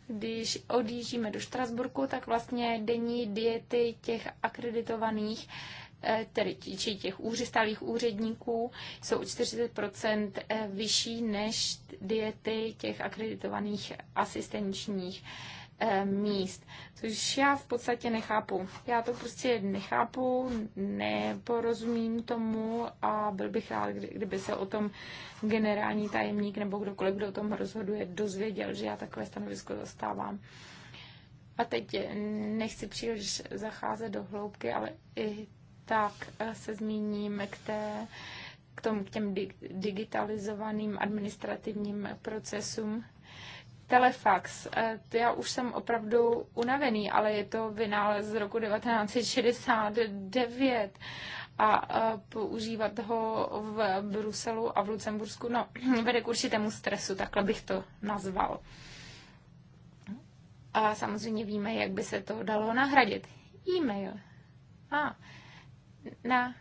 [SPEAKER 2] když odjíždíme do Štrasburku, tak vlastně denní diety těch akreditovaných Eh, tedy či těch úřistálých úředníků jsou o 40 eh, vyšší než diety těch akreditovaných asistenčních eh, míst, což já v podstatě nechápu. Já to prostě nechápu, neporozumím tomu a byl bych rád, kdyby se o tom generální tajemník nebo kdokoliv, kdo o tom rozhoduje, dozvěděl, že já takové stanovisko zastávám. A teď nechci příliš zacházet do hloubky, ale i tak eh, se zmíním k té k, tomu, k těm digitalizovaným administrativním procesům. Telefax. Eh, já už jsem opravdu unavený, ale je to vynález z roku 1969 a eh, používat ho v Bruselu a v Lucembursku, no, <clears throat> vede k určitému stresu, takhle bych to nazval. A samozřejmě víme, jak by se to dalo nahradit. E-mail. A, ah na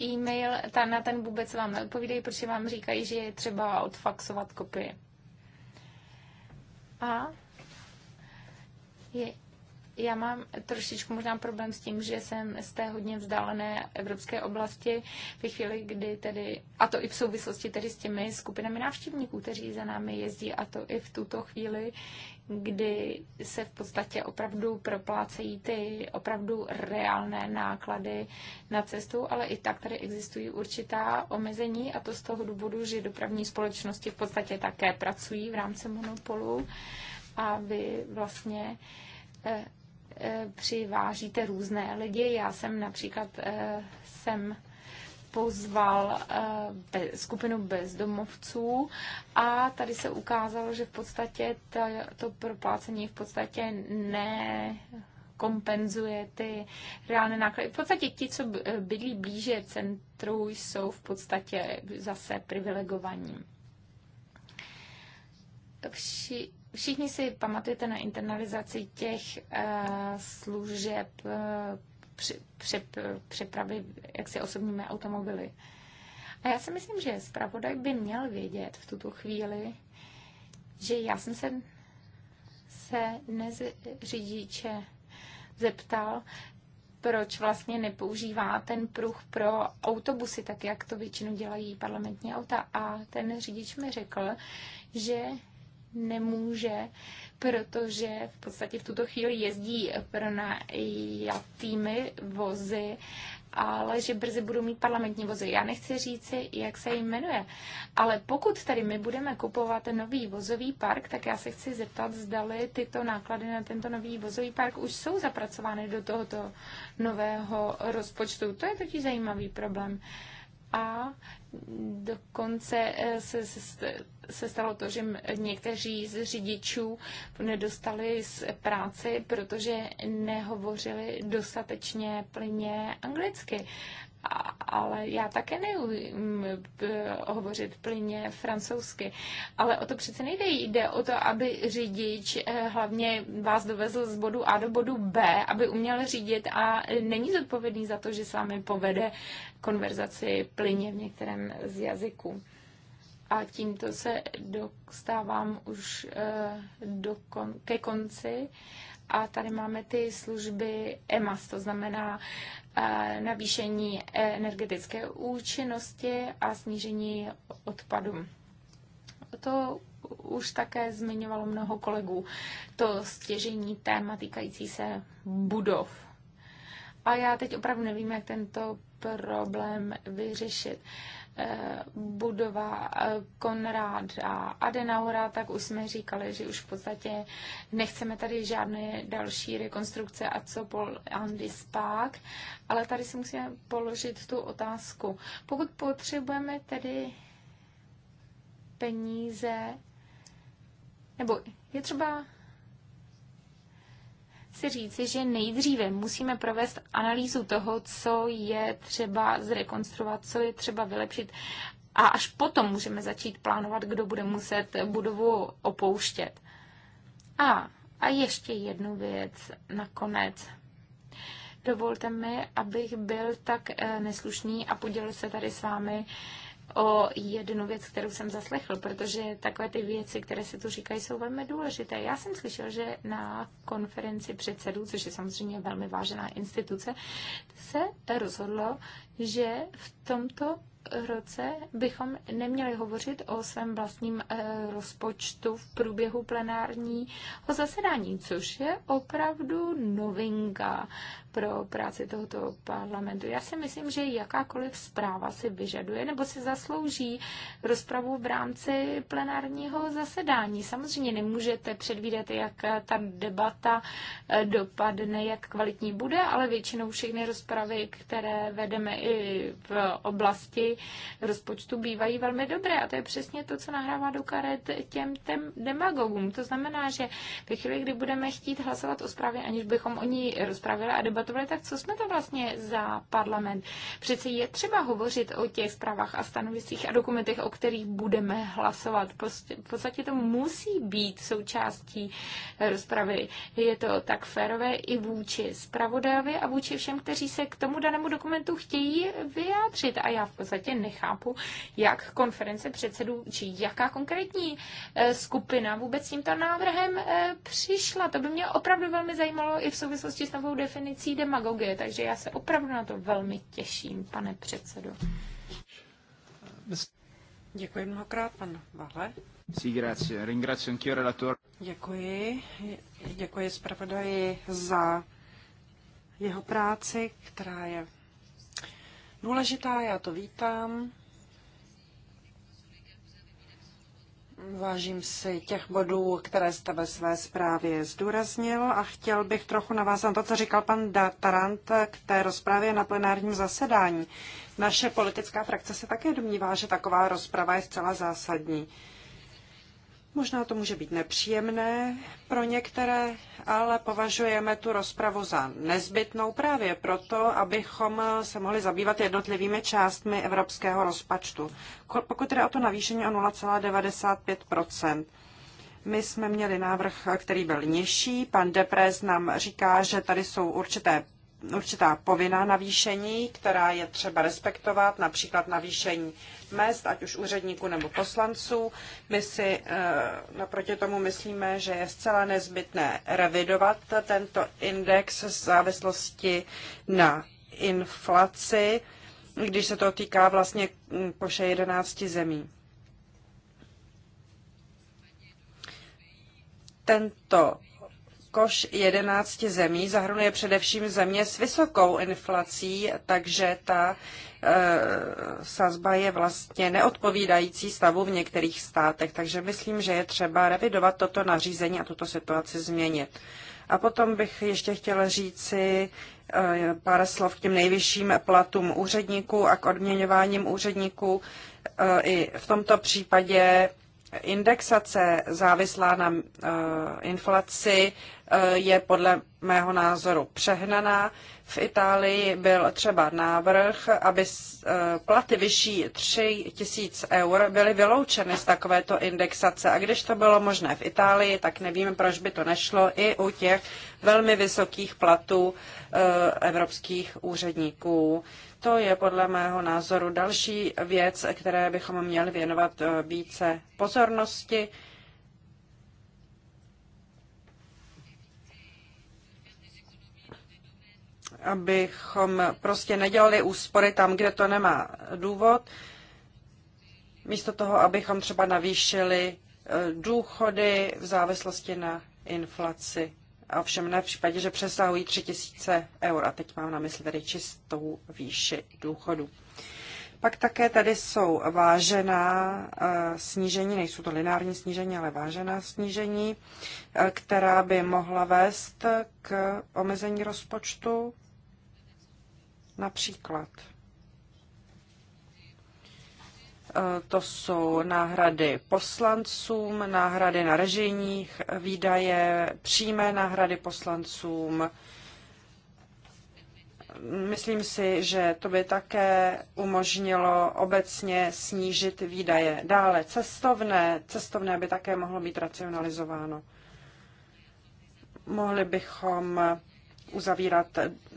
[SPEAKER 2] e-mail, ta, na ten vůbec vám neodpovídají, protože vám říkají, že je třeba odfaxovat kopie. A je, já mám trošičku možná problém s tím, že jsem z té hodně vzdálené evropské oblasti ve chvíli, kdy tedy, a to i v souvislosti tedy s těmi skupinami návštěvníků, kteří za námi jezdí, a to i v tuto chvíli kdy se v podstatě opravdu proplácejí ty opravdu reálné náklady na cestu, ale i tak tady existují určitá omezení a to z toho důvodu, že dopravní společnosti v podstatě také pracují v rámci monopolu a vy vlastně eh, eh, přivážíte různé lidi. Já jsem například eh, jsem pozval eh, skupinu bezdomovců a tady se ukázalo, že v podstatě to proplácení v podstatě ne kompenzuje ty reálné náklady. V podstatě ti, co bydlí blíže centru, jsou v podstatě zase privilegovaní. Vši, všichni si pamatujete na internalizaci těch uh, služeb uh, přepravy si osobními automobily. A já si myslím, že zpravodaj by měl vědět v tuto chvíli, že já jsem se, se dnes řidiče zeptal, proč vlastně nepoužívá ten pruh pro autobusy, tak jak to většinou dělají parlamentní auta. A ten řidič mi řekl, že nemůže protože v podstatě v tuto chvíli jezdí pro pronajatými vozy, ale že brzy budou mít parlamentní vozy. Já nechci říci, jak se jim jmenuje, ale pokud tady my budeme kupovat nový vozový park, tak já se chci zeptat, zdali tyto náklady na tento nový vozový park už jsou zapracovány do tohoto nového rozpočtu. To je totiž zajímavý problém. A Dokonce eh, se, se, se stalo to, že někteří z řidičů nedostali z práci, protože nehovořili dostatečně plně anglicky ale já také neumím eh, hovořit plně francouzsky. Ale o to přece nejde. Jde o to, aby řidič eh, hlavně vás dovezl z bodu A do bodu B, aby uměl řídit a není zodpovědný za to, že s vámi povede konverzaci plyně v některém z jazyků. A tímto se dostávám už eh, do kon- ke konci. Uh, a tady máme ty služby EMAS, to znamená eh, navýšení energetické účinnosti a snížení odpadu. To už také zmiňovalo mnoho kolegů, to stěžení téma týkající se budov. A já teď opravdu nevím, jak tento problém vyřešit. Uh, budova eh, Konráda Adenaura, tak už jsme říkali, že už v podstatě nechceme tady žádné další rekonstrukce a co Paul Andy Spák, ale tady si musíme položit tu otázku. Pokud potřebujeme tedy peníze, nebo je třeba si říci, že nejdříve musíme provést analýzu toho, co je třeba zrekonstruovat, co je třeba vylepšit a až potom můžeme začít plánovat, kdo bude muset budovu opouštět. A, a ještě jednu věc nakonec. Dovolte mi, abych byl tak eh, neslušný a podělil se tady s vámi o jednu věc, kterou jsem zaslechl, protože takové ty věci, které se tu říkají, jsou velmi důležité. Já jsem slyšel, že na konferenci předsedů, což je samozřejmě velmi vážená instituce, se rozhodlo, že v tomto roce bychom neměli hovořit o svém vlastním eh, rozpočtu v průběhu plenárního zasedání, což je opravdu novinka pro práci tohoto parlamentu. Já si myslím, že jakákoliv zpráva si vyžaduje nebo si zaslouží rozpravu v rámci plenárního zasedání. Samozřejmě nemůžete předvídat, jak ta debata eh, dopadne, jak kvalitní bude, ale většinou všechny rozpravy, které vedeme i v oblasti rozpočtu bývají velmi dobré. A to je přesně to, co nahrává do karet těm tem, demagogům. To znamená, že ve chvíli, kdy budeme chtít hlasovat o zprávě, aniž bychom o ní rozpravili a debatovali, tak co jsme to vlastně za parlament? Přeci je třeba hovořit o těch zprávách a stanoviscích a dokumentech, o kterých budeme hlasovat. Prostě v podstatě to musí být součástí eh, rozpravy. Je to tak férové i vůči zpravodajovi a vůči všem, kteří se k tomu danému dokumentu chtějí vyjádřit. A já v podstatě prostě nechápu, jak konference předsedů či jaká konkrétní eh, skupina vůbec s tímto návrhem eh, přišla. To by mě opravdu velmi zajímalo i v souvislosti s novou definicí demagogie, takže já se opravdu na to velmi těším, pane předsedo. Děkuji mnohokrát, pan Vahle.
[SPEAKER 1] Děkuji. Děkuji zpravodaji za jeho práci, která je důležitá, já to vítám. Vážím si těch bodů, které jste ve své zprávě zdůraznil a chtěl bych trochu navázat na to, co říkal pan Tarant k té rozprávě na plenárním zasedání. Naše politická frakce se také domnívá, že taková rozprava je zcela zásadní. Možná to může být nepříjemné pro některé, ale považujeme tu rozpravu za nezbytnou právě proto, abychom se mohli zabývat jednotlivými částmi evropského rozpačtu. Pokud jde o to navýšení o 0,95 my jsme měli návrh, který byl nižší. Pan Deprez nám říká, že tady jsou určité určitá povinná navýšení, která je třeba respektovat, například navýšení mest, ať už úředníků nebo poslanců. My si eh, naproti tomu myslíme, že je zcela nezbytné revidovat tento index v závislosti na inflaci, když se to týká vlastně poše hm, 11 zemí. Tento koš 11 zemí zahrnuje především země s vysokou inflací, takže ta e, sazba je vlastně neodpovídající stavu v některých státech. Takže myslím, že je třeba revidovat toto nařízení a tuto situaci změnit. A potom bych ještě chtěla říci e, pár slov k těm nejvyšším platům úředníků a k odměňováním úředníků. E, I v tomto případě indexace závislá na uh, inflaci uh, je podle mého názoru přehnaná. V Itálii byl třeba návrh, aby uh, platy vyšší 3 tisíc eur byly vyloučeny z takovéto indexace. A když to bylo možné v Itálii, tak nevím, proč by to nešlo i u těch velmi vysokých platů uh, evropských úředníků. Uh, to je podle mého názoru další věc, které bychom měli věnovat eh, více pozornosti. abychom prostě nedělali úspory tam, kde to nemá důvod, místo toho, abychom třeba navýšili eh, důchody v závislosti na inflaci ovšem ne v případě, že přesahují 3000 eur. A teď mám na mysli tady čistou výši důchodu. Pak také tady jsou vážená eh, snížení, nejsou to lineární snížení, ale vážená snížení, eh, která by mohla vést k omezení rozpočtu. Například Eh, to jsou náhrady poslancům, náhrady na režijní výdaje, přímé náhrady poslancům. Myslím si, že to by také umožnilo obecně snížit výdaje. Dále cestovné, cestovné by také mohlo být racionalizováno. Mohli bychom uzavírat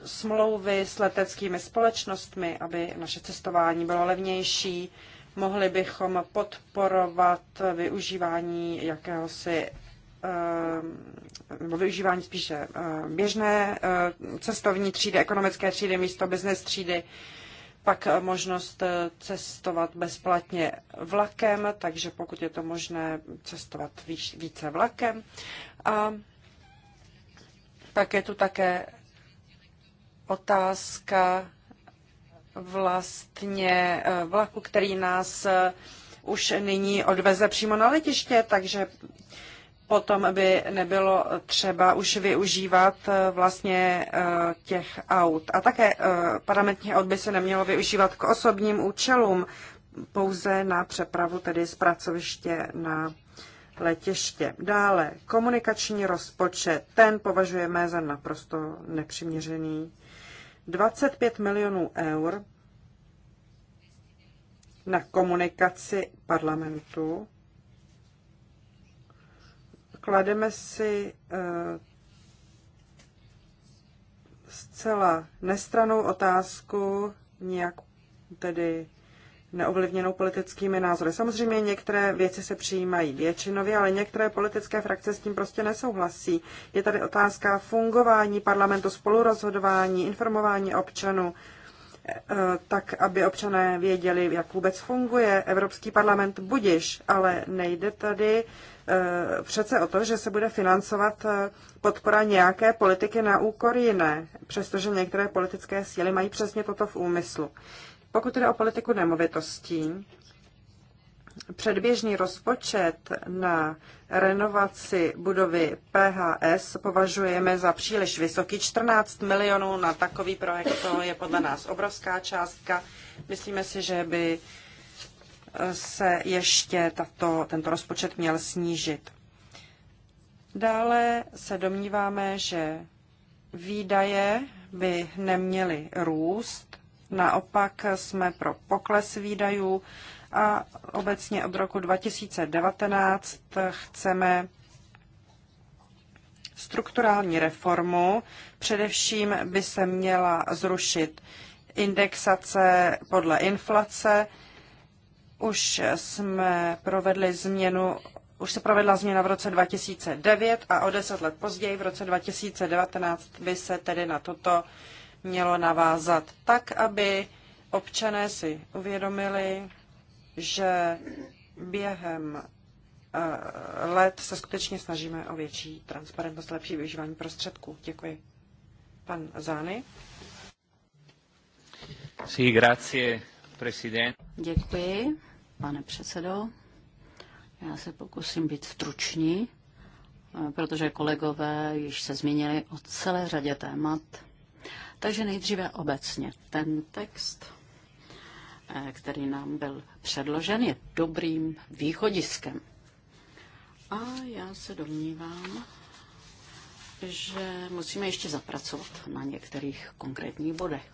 [SPEAKER 1] smlouvy s leteckými společnostmi, aby naše cestování bylo levnější Mohli bychom podporovat využívání jakéhosi eh, nebo využívání spíše eh, běžné eh, cestovní třídy, ekonomické třídy místo business třídy, pak možnost cestovat bezplatně vlakem, takže pokud je to možné cestovat více vlakem. A pak je tu také otázka vlastně eh, vlaku, který nás eh, už nyní odveze přímo na letiště, takže potom by nebylo třeba už využívat eh, vlastně těch aut. A také parlamentní aut by se nemělo využívat k osobním účelům, pouze na přepravu tedy z pracoviště na letiště. Dále komunikační rozpočet, ten považujeme za naprosto nepřiměřený 25 milionů eur na komunikaci parlamentu. Klademe si eh, zcela nestranou otázku, nějak tedy neovlivněnou politickými názory. Samozřejmě některé věci se přijímají většinově, ale některé politické frakce s tím prostě nesouhlasí. Je tady otázka fungování parlamentu, spolurozhodování, informování občanů, eh, tak aby občané věděli, jak vůbec funguje Evropský parlament budiš, ale nejde tady eh, přece o to, že se bude financovat eh, podpora nějaké politiky na úkor jiné, přestože některé politické síly mají přesně toto v úmyslu. Pokud jde o politiku nemovitostí, Předběžný rozpočet na renovaci budovy PHS považujeme za příliš vysoký. 14 milionů na takový projekt to je podle nás obrovská částka. Myslíme si, že by se ještě tato, tento rozpočet měl snížit. Dále se domníváme, že výdaje by neměly růst naopak jsme pro pokles výdajů a obecně od roku 2019 chceme strukturální reformu. Především by se měla zrušit indexace podle inflace. Už jsme provedli změnu už se provedla změna v roce 2009 a o deset let později, v roce 2019, by se tedy na toto mělo navázat tak, aby občané si uvědomili, že během eh, let se skutečně snažíme o větší transparentnost, lepší využívání prostředků. Děkuji. Pan Zány. Sí, grazie, president.
[SPEAKER 3] Děkuji, pane předsedo. Já se pokusím být stručný, eh, protože kolegové již se zmínili o celé řadě témat, takže nejdříve obecně. Ten text, eh, který nám byl předložen, je dobrým východiskem. A já se domnívám, že musíme ještě zapracovat na některých konkrétních bodech.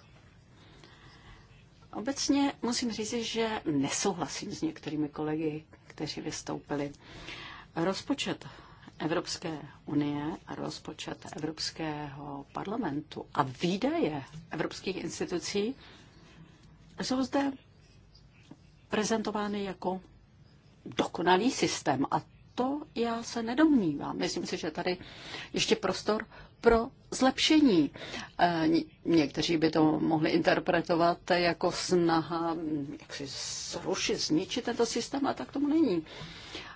[SPEAKER 3] Obecně musím říct, že nesouhlasím s některými kolegy, kteří vystoupili. Rozpočet Evropské unie a rozpočet Evropského parlamentu a výdaje evropských institucí jsou zde prezentovány jako dokonalý systém a to já se nedomnívám. Myslím si, že tady ještě prostor pro zlepšení. E, někteří by to mohli interpretovat jako snaha jak si zrušit, zničit tento systém, a tak tomu není.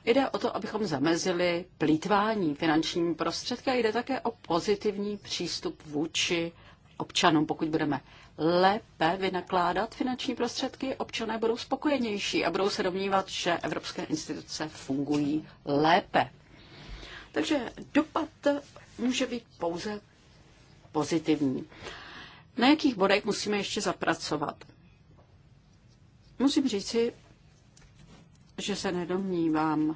[SPEAKER 3] Jde o to, abychom zamezili plítvání finančními prostředky a jde také o pozitivní přístup vůči občanům. Pokud budeme lépe vynakládat finanční prostředky, občané budou spokojenější a budou se domnívat, že evropské instituce fungují lépe. Takže dopad může být pouze pozitivní. Na jakých bodech musíme ještě zapracovat? Musím říci, že se nedomnívám,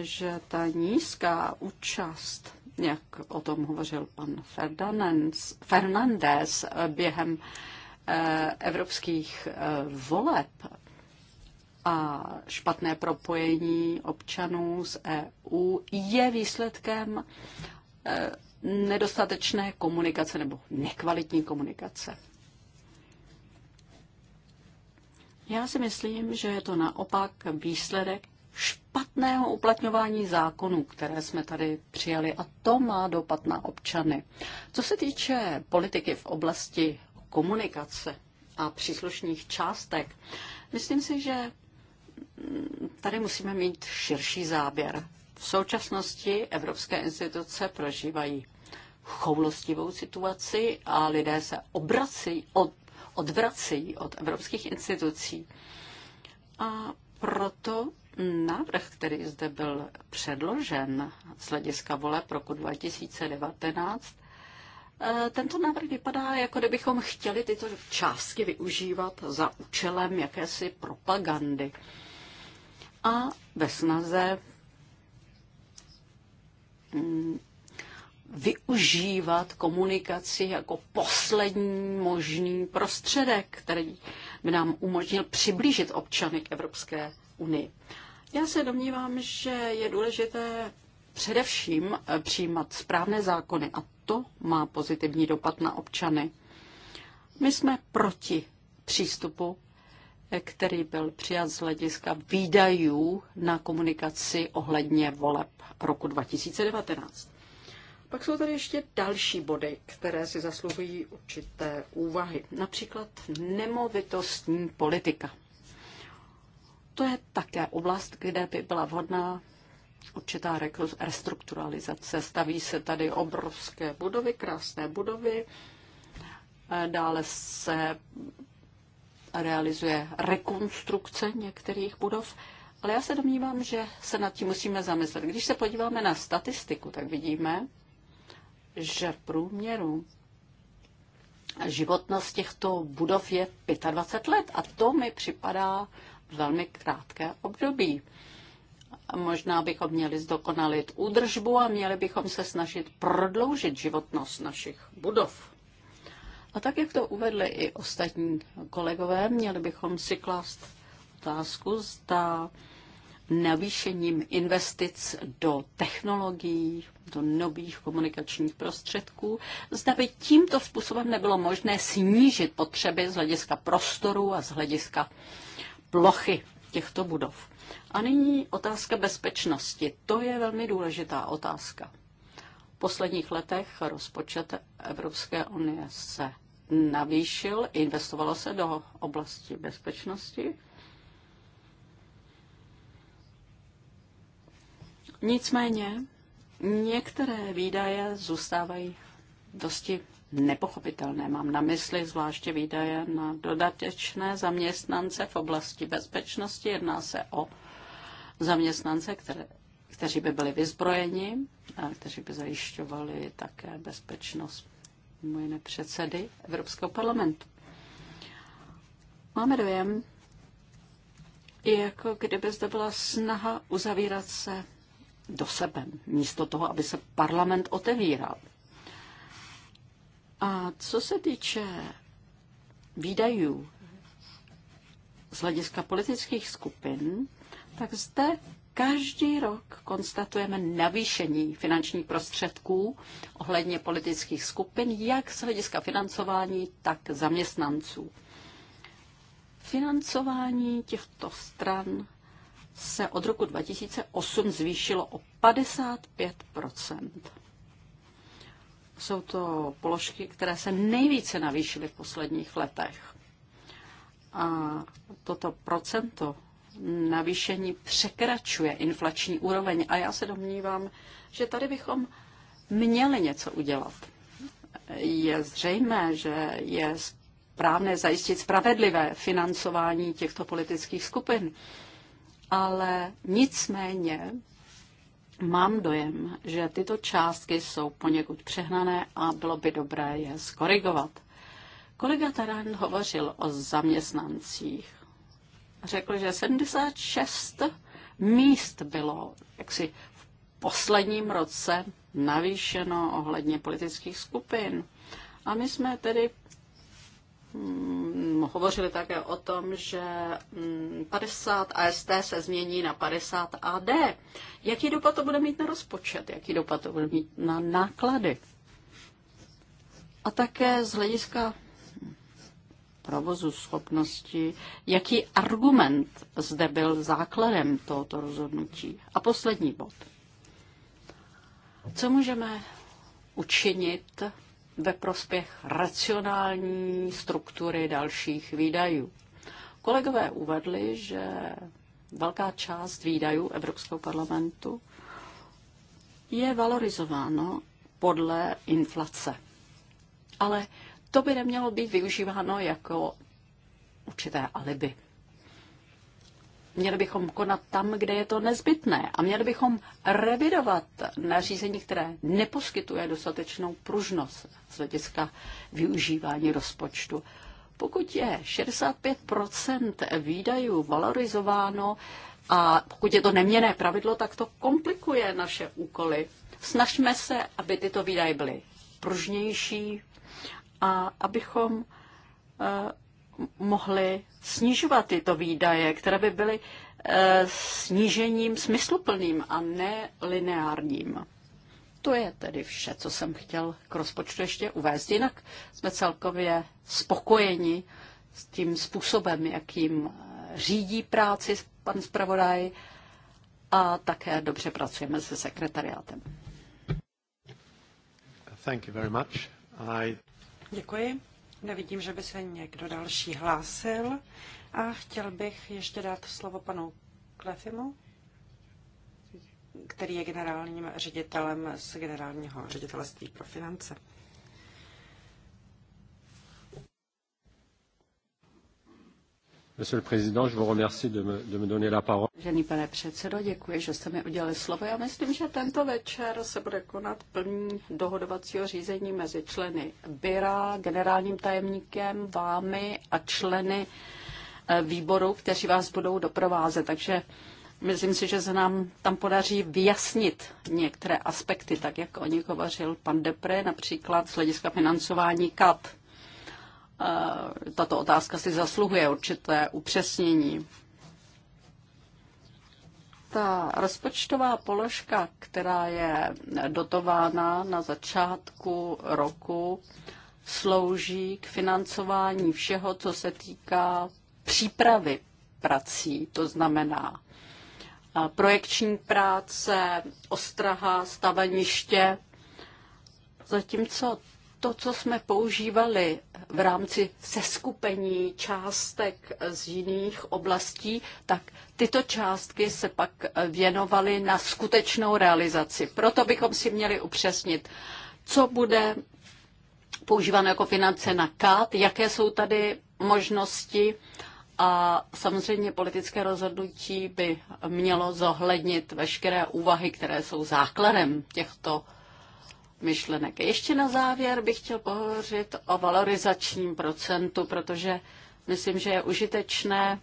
[SPEAKER 3] že ta nízká účast, jak o tom hovořil pan Fernandez během eh, evropských eh, voleb a špatné propojení občanů z EU je výsledkem eh, nedostatečné komunikace nebo nekvalitní komunikace. Já si myslím, že je to naopak výsledek špatného uplatňování zákonů, které jsme tady přijali a to má dopad na občany. Co se týče politiky v oblasti komunikace a příslušných částek, myslím si, že mm, tady musíme mít širší záběr. V současnosti evropské instituce prožívají choulostivou situaci a lidé se obrací od odvracejí od evropských institucí. A proto návrh, který zde byl předložen z hlediska voleb roku 2019, eh, tento návrh vypadá, jako kdybychom chtěli tyto částky využívat za účelem jakési propagandy a ve snaze mm, využívat komunikaci jako poslední možný prostředek, který by nám umožnil přiblížit občany k Evropské unii. Já se domnívám, že je důležité především eh, přijímat správné zákony a to má pozitivní dopad na občany. My jsme proti přístupu, eh, který byl přijat z hlediska výdajů na komunikaci ohledně voleb roku 2019. Pak jsou tady ještě další body, které si zasluhují určité úvahy. Například nemovitostní politika. To je také oblast, kde by byla vhodná určitá restrukturalizace. Staví se tady obrovské budovy, krásné budovy. Eh, dále se realizuje rekonstrukce některých budov. Ale já se domnívám, že se nad tím musíme zamyslet. Když se podíváme na statistiku, tak vidíme, že v průměru životnost těchto budov je 25 let a to mi připadá velmi krátké období. Možná bychom měli zdokonalit údržbu a měli bychom se snažit prodloužit životnost našich budov. A tak, jak to uvedli i ostatní kolegové, měli bychom si klást otázku, zda navýšením investic do technologií, těchto nových komunikačních prostředků, zda by tímto způsobem nebylo možné snížit potřeby z hlediska prostoru a z hlediska plochy těchto budov. A nyní otázka bezpečnosti. To je velmi důležitá otázka. V posledních letech rozpočet Evropské unie se navýšil, investovalo se do oblasti bezpečnosti. Nicméně Některé výdaje zůstávají dosti nepochopitelné. Mám na mysli zvláště výdaje na dodatečné zaměstnance v oblasti bezpečnosti. Jedná se o zaměstnance, které, kteří by byli vyzbrojeni, a kteří by zajišťovali také bezpečnost mimo předsedy Evropského parlamentu. Máme dojem, jako kdyby zde byla snaha uzavírat se do sebe, místo toho, aby se parlament otevíral. A co se týče výdajů z hlediska politických skupin, tak zde každý rok konstatujeme navýšení finančních prostředků ohledně politických skupin, jak z hlediska financování, tak zaměstnanců. Financování těchto stran se od roku 2008 zvýšilo o 55 Jsou to položky, které se nejvíce navýšily v posledních letech. A toto procento navýšení překračuje inflační úroveň. A já se domnívám, že tady bychom měli něco udělat. Je zřejmé, že je správné zajistit spravedlivé financování těchto politických skupin ale nicméně mám dojem, že tyto částky jsou poněkud přehnané a bylo by dobré je skorigovat. Kolega Taran hovořil o zaměstnancích. Řekl, že 76 míst bylo jaksi v posledním roce navýšeno ohledně politických skupin. A my jsme tedy Mm, hovořili také o tom, že 50 mm, AST se změní na 50 AD. Jaký dopad to bude mít na rozpočet? Jaký dopad to bude mít na náklady? A také z hlediska provozu schopnosti, jaký argument zde byl základem tohoto rozhodnutí. A poslední bod. Co můžeme učinit ve prospěch racionální struktury dalších výdajů. Kolegové uvedli, že velká část výdajů Evropského parlamentu je valorizováno podle inflace. Ale to by nemělo být využíváno jako určité alibi. Měli bychom konat tam, kde je to nezbytné a měli bychom revidovat nařízení, které neposkytuje dostatečnou pružnost z hlediska využívání rozpočtu. Pokud je 65 výdajů valorizováno a pokud je to neměné pravidlo, tak to komplikuje naše úkoly. Snažme se, aby tyto výdaje byly pružnější a abychom eh, mohli snižovat tyto výdaje, které by byly eh, snížením smysluplným a ne lineárním. To je tedy vše, co jsem chtěl k rozpočtu ještě uvést. Jinak jsme celkově spokojeni s tím způsobem, jakým eh, řídí práci pan zpravodaj a také dobře pracujeme se sekretariátem.
[SPEAKER 1] Thank you very much. I... Děkuji. Nevidím, že by se někdo další hlásil. A chtěl bych ještě dát slovo panu Klefimu, který je generálním ředitelem z generálního ředitelství pro finance.
[SPEAKER 3] Vážený pane předsedo, děkuji, že jste mi udělali slovo. Já myslím, že tento večer se bude konat plní dohodovacího řízení mezi členy Byra, generálním tajemníkem, vámi a členy eh, výboru, kteří vás budou doprovázet. Takže myslím si, že se nám tam podaří vyjasnit některé aspekty, tak jak o nich hovořil pan Depre, například z hlediska financování KAT. Eh, tato otázka si zasluhuje určité upřesnění. Ta rozpočtová položka, která je dotována na začátku roku, slouží k financování všeho, co se týká přípravy prací, to znamená eh, projekční práce, ostraha, staveniště, zatímco to, co jsme používali v rámci seskupení částek z jiných oblastí, tak tyto částky se pak věnovaly na skutečnou realizaci. Proto bychom si měli upřesnit, co bude používáno jako finance na KAT, jaké jsou tady možnosti a samozřejmě politické rozhodnutí by mělo zohlednit veškeré úvahy, které jsou základem těchto myšlenek. Ještě na závěr bych chtěl pohovořit o valorizačním procentu, protože myslím, že je užitečné,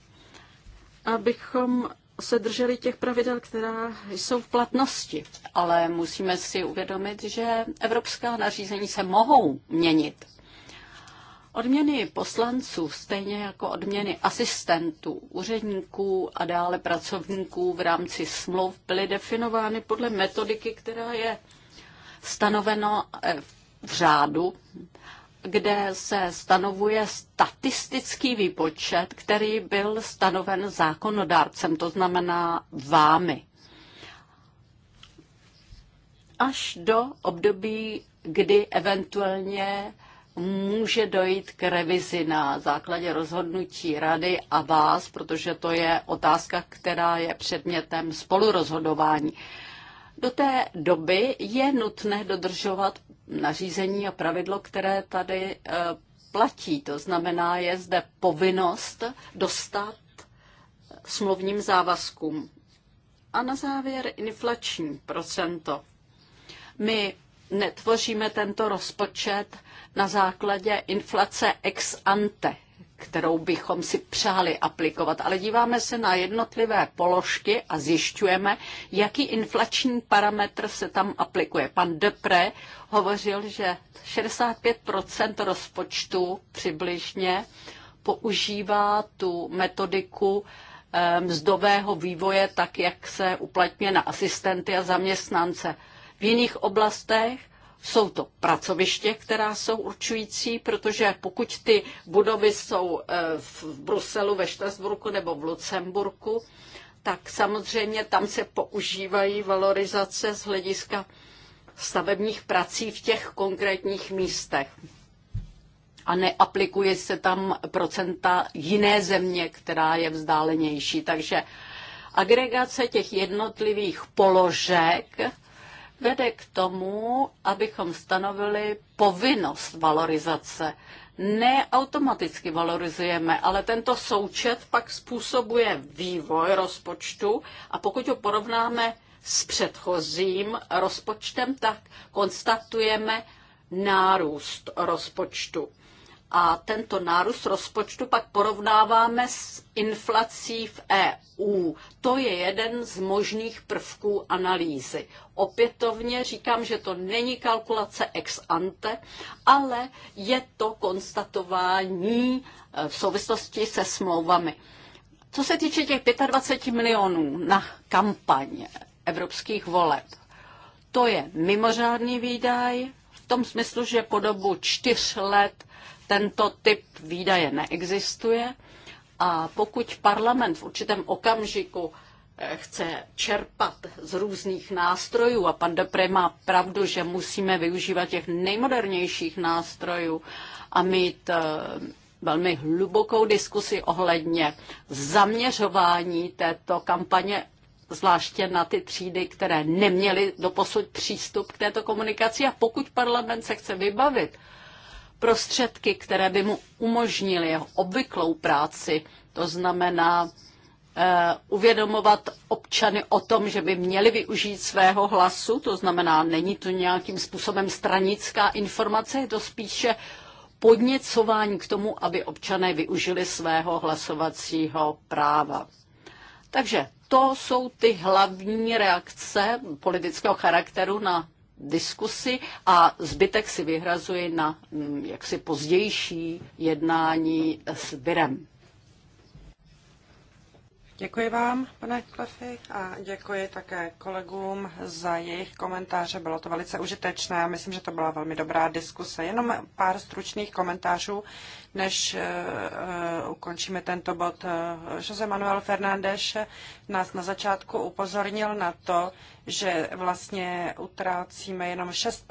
[SPEAKER 3] abychom se drželi těch pravidel, která jsou v platnosti. Ale musíme si uvědomit, že evropská nařízení se mohou měnit. Odměny poslanců, stejně jako odměny asistentů, úředníků a dále pracovníků v rámci smluv, byly definovány podle metodiky, která je stanoveno eh, v řádu, kde se stanovuje statistický výpočet, který byl stanoven zákonodárcem, to znamená vámi. Až do období, kdy eventuálně může dojít k revizi na základě rozhodnutí rady a vás, protože to je otázka, která je předmětem spolurozhodování. Do té doby je nutné dodržovat nařízení a pravidlo, které tady eh, platí. To znamená, je zde povinnost dostat eh, smluvním závazkům. A na závěr inflační procento. My netvoříme tento rozpočet na základě inflace ex ante, kterou bychom si přáli aplikovat, ale díváme se na jednotlivé položky a zjišťujeme, jaký inflační parametr se tam aplikuje. Pan Depre hovořil, že 65 rozpočtu přibližně používá tu metodiku eh, mzdového vývoje, tak jak se uplatňuje na asistenty a zaměstnance. V jiných oblastech jsou to pracoviště, která jsou určující, protože pokud ty budovy jsou eh, v Bruselu, ve Štrasburku nebo v Lucemburku, tak samozřejmě tam se používají valorizace z hlediska stavebních prací v těch konkrétních místech. A neaplikuje se tam procenta jiné země, která je vzdálenější. Takže agregace těch jednotlivých položek vede k tomu, abychom stanovili povinnost valorizace. Ne automaticky valorizujeme, ale tento součet pak způsobuje vývoj rozpočtu a pokud ho porovnáme s předchozím rozpočtem, tak konstatujeme nárůst rozpočtu a tento nárůst rozpočtu pak porovnáváme s inflací v EU. To je jeden z možných prvků analýzy. Opětovně říkám, že to není kalkulace ex ante, ale je to konstatování eh, v souvislosti se smlouvami. Co se týče těch 25 milionů na kampaň evropských voleb, to je mimořádný výdaj v tom smyslu, že po dobu čtyř let tento typ výdaje neexistuje a pokud parlament v určitém okamžiku eh, chce čerpat z různých nástrojů a pan Depre má pravdu, že musíme využívat těch nejmodernějších nástrojů a mít eh, velmi hlubokou diskusi ohledně zaměřování této kampaně zvláště na ty třídy, které neměly doposud přístup k této komunikaci. A pokud parlament se chce vybavit prostředky, které by mu umožnily jeho obvyklou práci, to znamená eh, uvědomovat občany o tom, že by měli využít svého hlasu, to znamená, není to nějakým způsobem stranická informace, je to spíše podněcování k tomu, aby občané využili svého hlasovacího práva. Takže to jsou ty hlavní reakce politického charakteru na diskusi a zbytek si vyhrazuji na mm, jaksi pozdější jednání s Birem. Děkuji vám, pane
[SPEAKER 1] Klefy, a děkuji také kolegům za jejich komentáře. Bylo to velice užitečné a myslím, že to byla velmi dobrá diskuse. Jenom pár stručných komentářů, než uh, ukončíme tento bod. Eh, Jose Manuel Fernández nás na začátku upozornil na to, že vlastně utrácíme jenom 6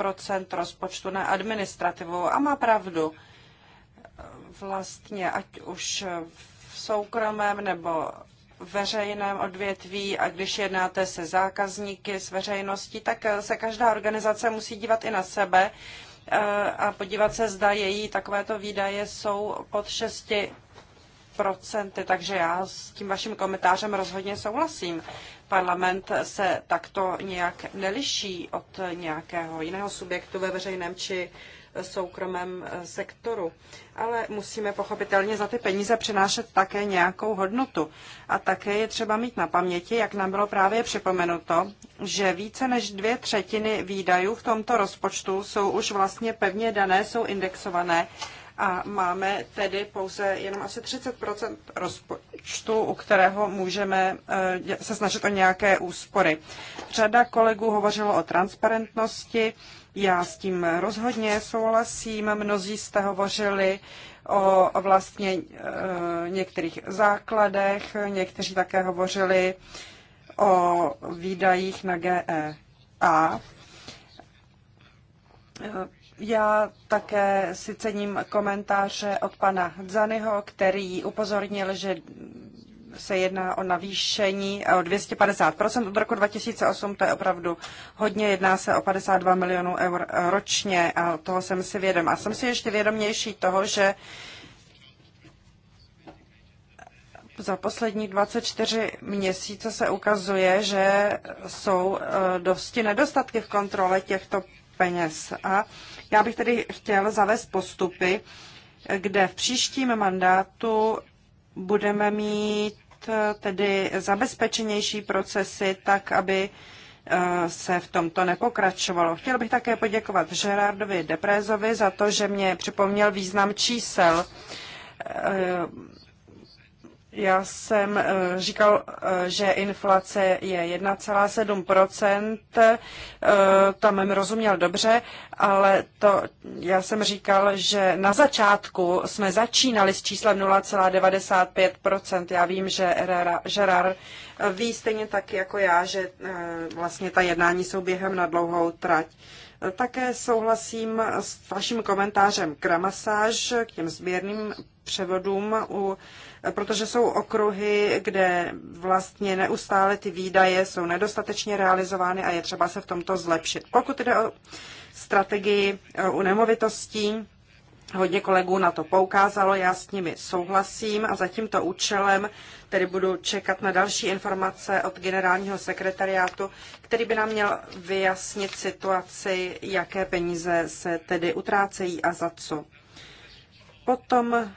[SPEAKER 1] rozpočtu na administrativu a má pravdu. Vlastně, ať už v soukromém nebo veřejném odvětví a když jednáte se zákazníky, s veřejností, tak eh, se každá organizace musí dívat i na sebe eh, a podívat se, zda její takovéto výdaje jsou pod 6 procenty, takže já s tím vaším komentářem rozhodně souhlasím. Parlament se takto nějak neliší od nějakého jiného subjektu ve veřejném či soukromém eh, sektoru. Ale musíme pochopitelně za ty peníze přinášet také nějakou hodnotu. A také je třeba mít na paměti, jak nám bylo právě připomenuto, že více než dvě třetiny výdajů v tomto rozpočtu jsou už vlastně pevně dané, jsou indexované a máme tedy pouze jenom asi 30 rozpočtu, u kterého můžeme eh, se snažit o nějaké úspory. Řada kolegů hovořilo o transparentnosti, já s tím rozhodně souhlasím. Mnozí jste hovořili o vlastně e, některých základech, někteří také hovořili o výdajích na GEA. E, já také si cením komentáře od pana Dzanyho, který upozornil, že se jedná o navýšení o 250% od roku 2008, to je opravdu hodně, jedná se o 52 milionů eur ročně a toho jsem si vědom. A jsem si ještě vědomější toho, že za poslední 24 měsíce se ukazuje, že jsou e, dosti nedostatky v kontrole těchto peněz. A já bych tedy chtěl zavést postupy, kde v příštím mandátu budeme mít eh, tedy zabezpečenější procesy tak, aby eh, se v tomto nepokračovalo. Chtěl bych také poděkovat Gerardovi Deprézovi za to, že mě připomněl význam čísel. Eh, já jsem eh, říkal, eh, že inflace je 1,7%, tam jsem rozuměl dobře, ale to já jsem říkal, že na začátku jsme začínali s číslem 0,95%. Já vím, že Žerar eh, ví stejně tak jako já, že vlastně ta jednání jsou během na dlouhou trať. Také souhlasím s vaším komentářem k ramasáž, k těm sběrným převodům, u, protože jsou okruhy, kde vlastně neustále ty výdaje jsou nedostatečně realizovány a je třeba se v tomto zlepšit. Pokud jde o strategii e, u nemovitostí, Hodně kolegů na to poukázalo, já s nimi souhlasím a za tímto účelem tedy budu čekat na další informace od generálního sekretariátu, který by nám měl vyjasnit situaci, jaké peníze se tedy utrácejí a za co. Potom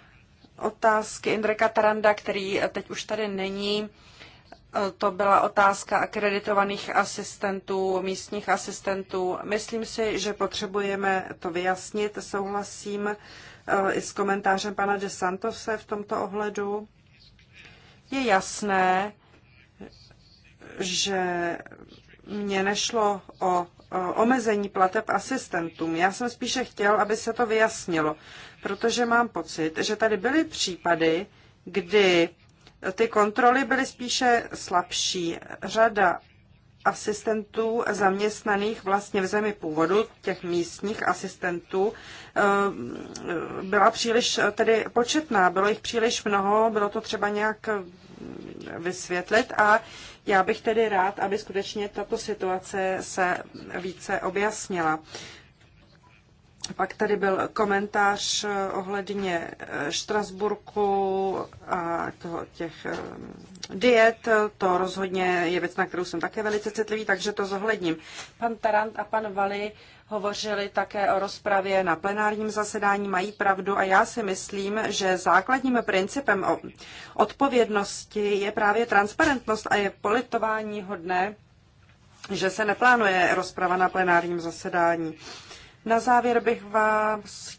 [SPEAKER 1] otázky Indreka Taranda, který teď už tady není to byla otázka akreditovaných asistentů, místních asistentů. Myslím si, že potřebujeme to vyjasnit. Souhlasím eh, i s komentářem pana De Santose v tomto ohledu. Je jasné, že mě nešlo o omezení plateb asistentům. Já jsem spíše chtěl, aby se to vyjasnilo, protože mám pocit, že tady byly případy, kdy ty kontroly byly spíše slabší. Řada asistentů zaměstnaných vlastně v zemi původu, těch místních asistentů, eh, byla příliš tedy početná, bylo jich příliš mnoho, bylo to třeba nějak eh, vysvětlit a já bych tedy rád, aby skutečně tato situace se více objasnila. Pak tady byl komentář ohledně eh, Štrasburku a toho, těch eh, diet. To rozhodně je věc, na kterou jsem také velice citlivý, takže to zohledním. Pan Tarant a pan Vali hovořili také o rozpravě na plenárním zasedání, mají pravdu a já si myslím, že základním principem odpovědnosti je právě transparentnost a je politování hodné, že se neplánuje rozprava na plenárním zasedání. Na závěr bych vás,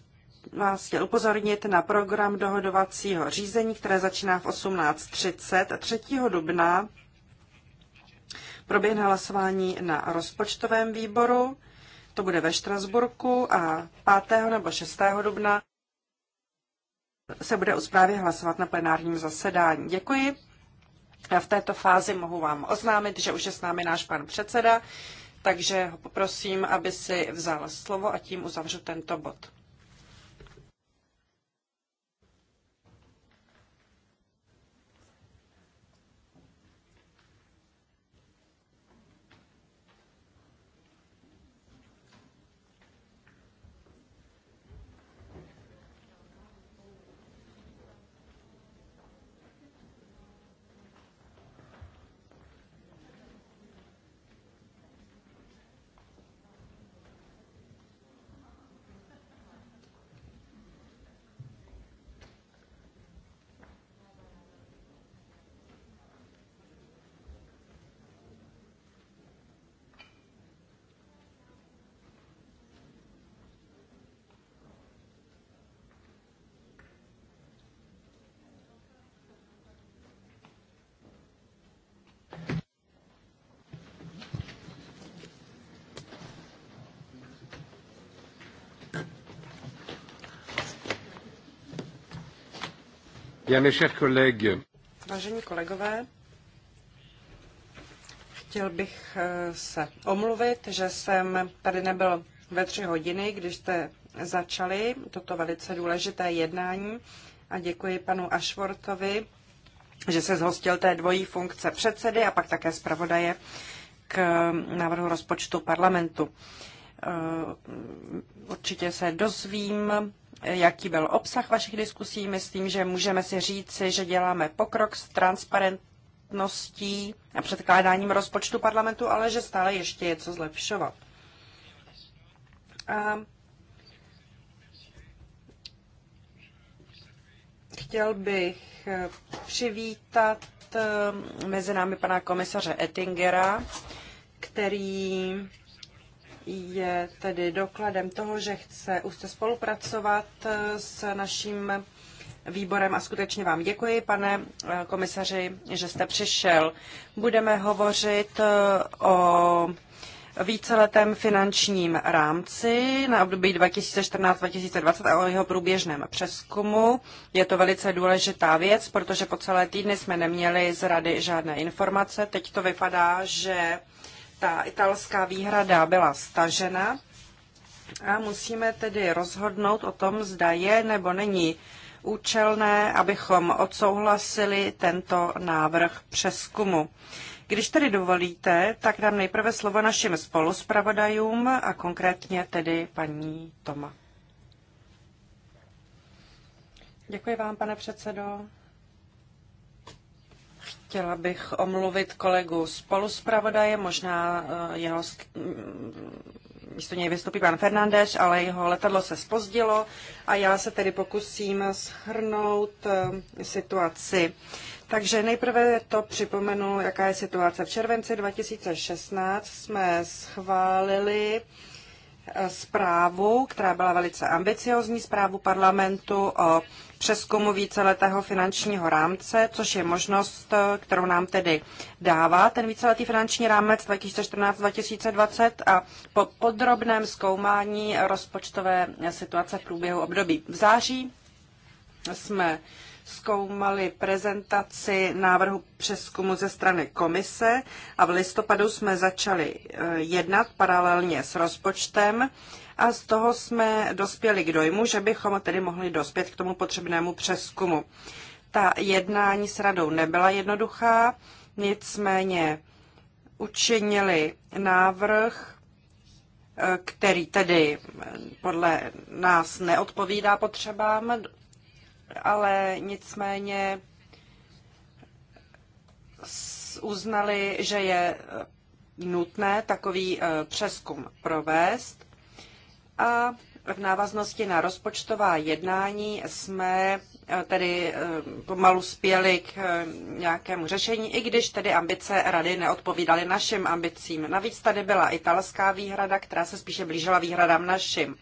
[SPEAKER 1] vás chtěl upozornit na program dohodovacího řízení, které začíná v 18.30 3. dubna. Proběhne hlasování na rozpočtovém výboru, to bude ve Štrasburku a 5. nebo 6. dubna se bude o zprávě hlasovat na plenárním zasedání. Děkuji. V této fázi mohu vám oznámit, že už je s námi náš pan předseda takže ho poprosím, aby si vzal slovo a tím uzavřu tento bod. Vážení kolegové, chtěl bych eh, se omluvit, že jsem tady nebyl ve tři hodiny, když jste začali toto velice důležité jednání a děkuji panu Ašvortovi, že se zhostil té dvojí funkce předsedy a pak také zpravodaje k návrhu rozpočtu parlamentu. Eh, určitě se dozvím jaký byl obsah vašich diskusí. Myslím, že můžeme si říci, že děláme pokrok s transparentností a předkládáním rozpočtu parlamentu, ale že stále ještě je co zlepšovat. A chtěl bych přivítat eh, mezi námi pana komisaře Ettingera, který je tedy dokladem toho, že chce úzce spolupracovat eh, s naším výborem a skutečně vám děkuji, pane eh, komisaři, že jste přišel. Budeme hovořit eh, o víceletém finančním rámci na období 2014-2020 a o jeho průběžném přeskumu. Je to velice důležitá věc, protože po celé týdny jsme neměli z rady žádné informace. Teď to vypadá, že ta italská výhrada byla stažena a musíme tedy rozhodnout o tom, zda je nebo není účelné, abychom odsouhlasili tento návrh přeskumu. Když tedy dovolíte, tak dám nejprve slovo našim spoluspravodajům a konkrétně tedy paní Toma. Děkuji vám, pane předsedo. Chtěla bych omluvit kolegu spoluspravodaje, možná eh, jeho, mm, místo něj vystoupí pan Fernandeš, ale jeho letadlo se spozdilo a já se tedy pokusím shrnout eh, situaci. Takže nejprve to připomenu, jaká je situace. V červenci 2016 jsme schválili eh, zprávu, která byla velice ambiciozní, zprávu parlamentu o přeskumu víceletého finančního rámce, což je možnost, eh, kterou nám tedy dává ten víceletý finanční rámec 2014-2020 a po podrobném zkoumání rozpočtové situace v průběhu období. V září jsme zkoumali prezentaci návrhu přeskumu ze strany komise a v listopadu jsme začali eh, jednat paralelně s rozpočtem a z toho jsme dospěli k dojmu, že bychom tedy mohli dospět k tomu potřebnému přeskumu. Ta jednání s radou nebyla jednoduchá, nicméně učinili návrh, který tedy podle nás neodpovídá potřebám, ale nicméně uznali, že je nutné takový eh, přeskum provést a v návaznosti na rozpočtová jednání jsme eh, tedy eh, pomalu spěli k eh, nějakému řešení, i když tedy ambice rady neodpovídaly našim ambicím. Navíc tady byla italská výhrada, která se spíše blížila výhradám našim.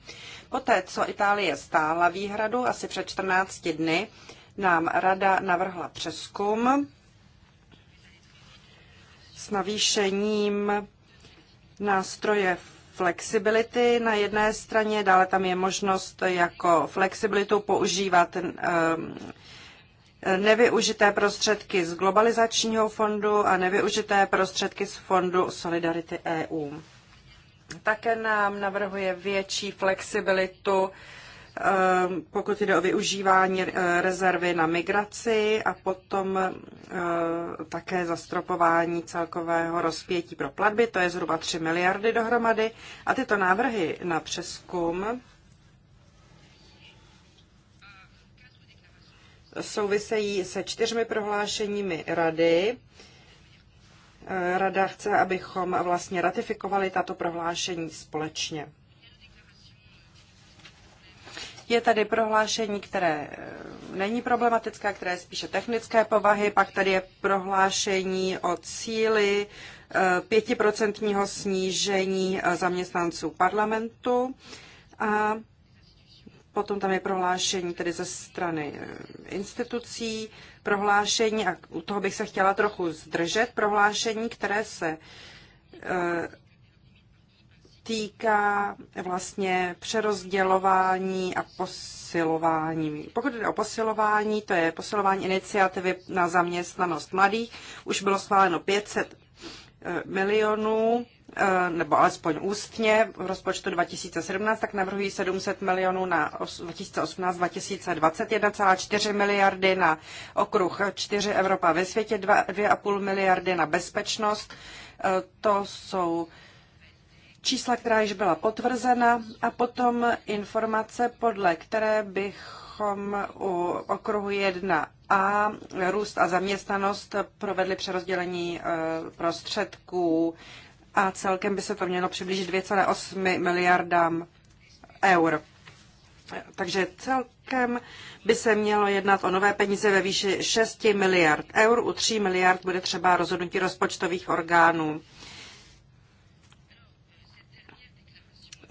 [SPEAKER 1] Poté, co Itálie stála výhradu asi před 14 dny, nám rada navrhla přeskum s navýšením nástroje flexibility na jedné straně, dále tam je možnost jako flexibilitu používat um, nevyužité prostředky z globalizačního fondu a nevyužité prostředky z fondu Solidarity EU. Také nám navrhuje větší flexibilitu Ehm, pokud jde o využívání eh, rezervy na migraci a potom eh, také zastropování celkového rozpětí pro platby, to je zhruba 3 miliardy dohromady. A tyto návrhy na přeskum souvisejí se čtyřmi prohlášeními rady. Eh, Rada chce, abychom vlastně ratifikovali tato prohlášení společně. Je tady prohlášení, které eh, není problematické, které je spíše technické povahy, pak tady je prohlášení o cíli eh, pětiprocentního snížení eh, zaměstnanců parlamentu a Potom tam je prohlášení tedy ze strany institucí, prohlášení, a u toho bych se chtěla trochu zdržet, prohlášení, které se týká vlastně přerozdělování a posilování. Pokud jde o posilování, to je posilování iniciativy na zaměstnanost mladých. Už bylo schváleno 500 eh, milionů, eh, nebo alespoň ústně v rozpočtu 2017, tak navrhují 700 milionů na 2018 2021, 1,4 miliardy na okruh 4 Evropa ve světě, 2,5 miliardy na bezpečnost. Eh, to jsou čísla, která již byla potvrzena, a potom informace, podle které bychom u okruhu 1a růst a zaměstnanost provedli přerozdělení eh, prostředků a celkem by se to mělo přiblížit 2,8 miliardám eur. Takže celkem by se mělo jednat o nové peníze ve výši 6 miliard eur. U 3 miliard bude třeba rozhodnutí rozpočtových orgánů.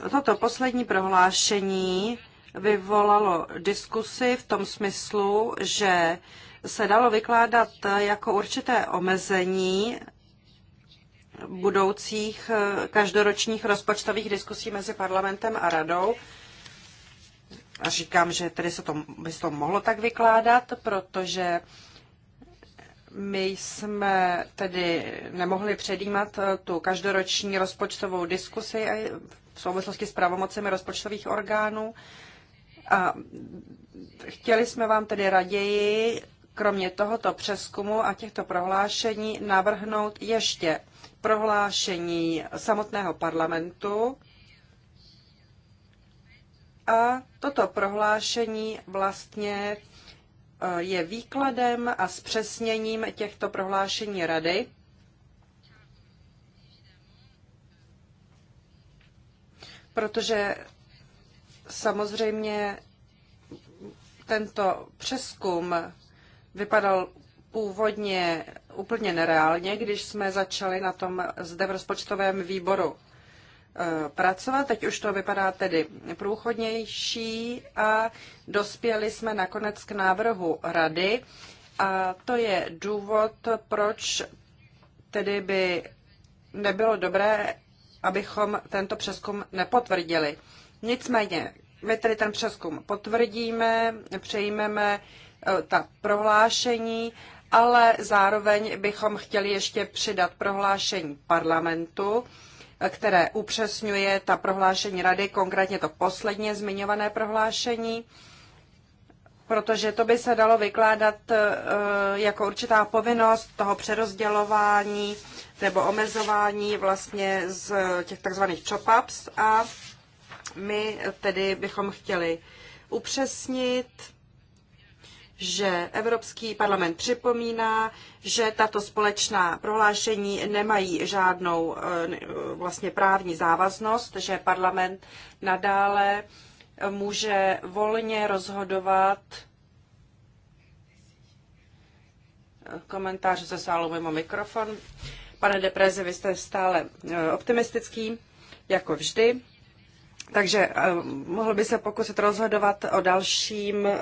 [SPEAKER 1] Toto poslední prohlášení vyvolalo diskusy v tom smyslu, že se dalo vykládat jako určité omezení budoucích každoročních rozpočtových diskusí mezi parlamentem a radou. A říkám, že tedy se to, by se to mohlo tak vykládat, protože my jsme tedy nemohli předjímat tu každoroční rozpočtovou diskusi v v souvislosti s pravomocemi rozpočtových orgánů. A chtěli jsme vám tedy raději, kromě tohoto přeskumu a těchto prohlášení, navrhnout ještě prohlášení samotného parlamentu. A toto prohlášení vlastně eh, je výkladem a zpřesněním těchto prohlášení rady protože samozřejmě tento přeskum vypadal původně úplně nereálně, když jsme začali na tom zde v rozpočtovém výboru e, pracovat. Teď už to vypadá tedy průchodnější a dospěli jsme nakonec k návrhu rady. A to je důvod, proč tedy by nebylo dobré abychom tento přeskum nepotvrdili. Nicméně, my tedy ten přeskum potvrdíme, přejmeme eh, ta prohlášení, ale zároveň bychom chtěli ještě přidat prohlášení parlamentu, eh, které upřesňuje ta prohlášení rady, konkrétně to posledně zmiňované prohlášení, protože to by se dalo vykládat eh, jako určitá povinnost toho přerozdělování nebo omezování vlastně z těch takzvaných chop-ups a my tedy bychom chtěli upřesnit, že Evropský parlament připomíná, že tato společná prohlášení nemají žádnou eh, eh, vlastně právní závaznost, že parlament nadále může volně rozhodovat eh, komentář ze sálu mimo mikrofon. Pane Depreze, vy jste stále e, optimistický, jako vždy. Takže e, mohl by se pokusit rozhodovat o dalším e,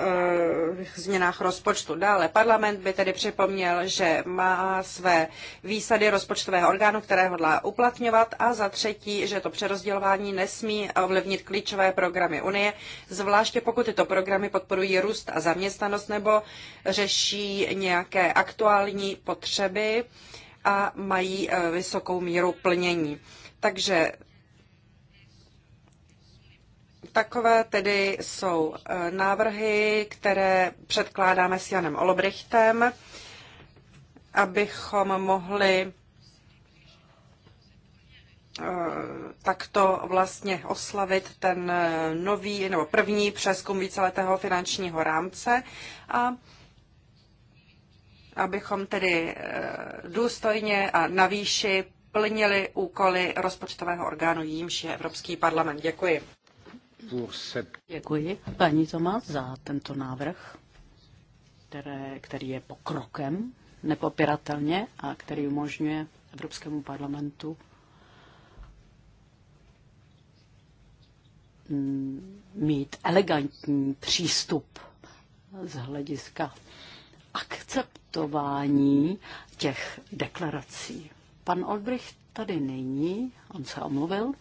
[SPEAKER 1] změnách rozpočtu. Dále parlament by tedy připomněl, že má své výsady rozpočtového orgánu, které hodlá uplatňovat a za třetí, že to přerozdělování nesmí ovlivnit klíčové programy Unie, zvláště pokud tyto programy podporují růst a zaměstnanost nebo řeší nějaké aktuální potřeby a mají e, vysokou míru plnění. Takže takové tedy jsou e, návrhy, které předkládáme s Janem Olbrichtem, abychom mohli e, takto vlastně oslavit ten nový nebo první přeskum víceletého finančního rámce a abychom tedy eh, důstojně a na výši plnili úkoly rozpočtového orgánu, jímž je Evropský parlament. Děkuji.
[SPEAKER 3] Děkuji, paní Tomás, za tento návrh, které, který je pokrokem nepopiratelně a který umožňuje Evropskému parlamentu mm, mít elegantní přístup z hlediska akceptování těch deklarací. Pan Olbricht tady není, on se omluvil,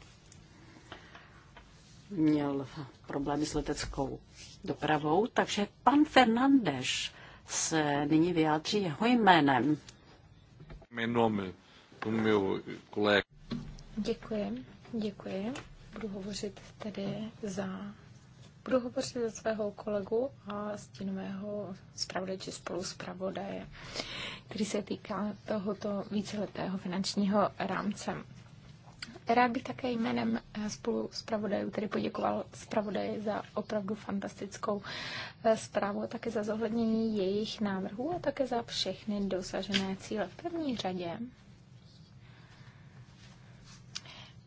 [SPEAKER 3] měl problémy s leteckou dopravou, takže pan Fernandeš se nyní vyjádří jeho jménem.
[SPEAKER 2] Děkuji, děkuji. Budu hovořit tedy za Budu hovořit za svého kolegu a stínového zpravodaje či spolu zpravodaje, který se týká tohoto víceletého finančního rámce. Rád bych také jménem eh, spolu zpravodajů tedy poděkoval zpravodaji za opravdu fantastickou eh, zprávu, také za zohlednění jejich návrhů a také za všechny dosažené cíle. V první řadě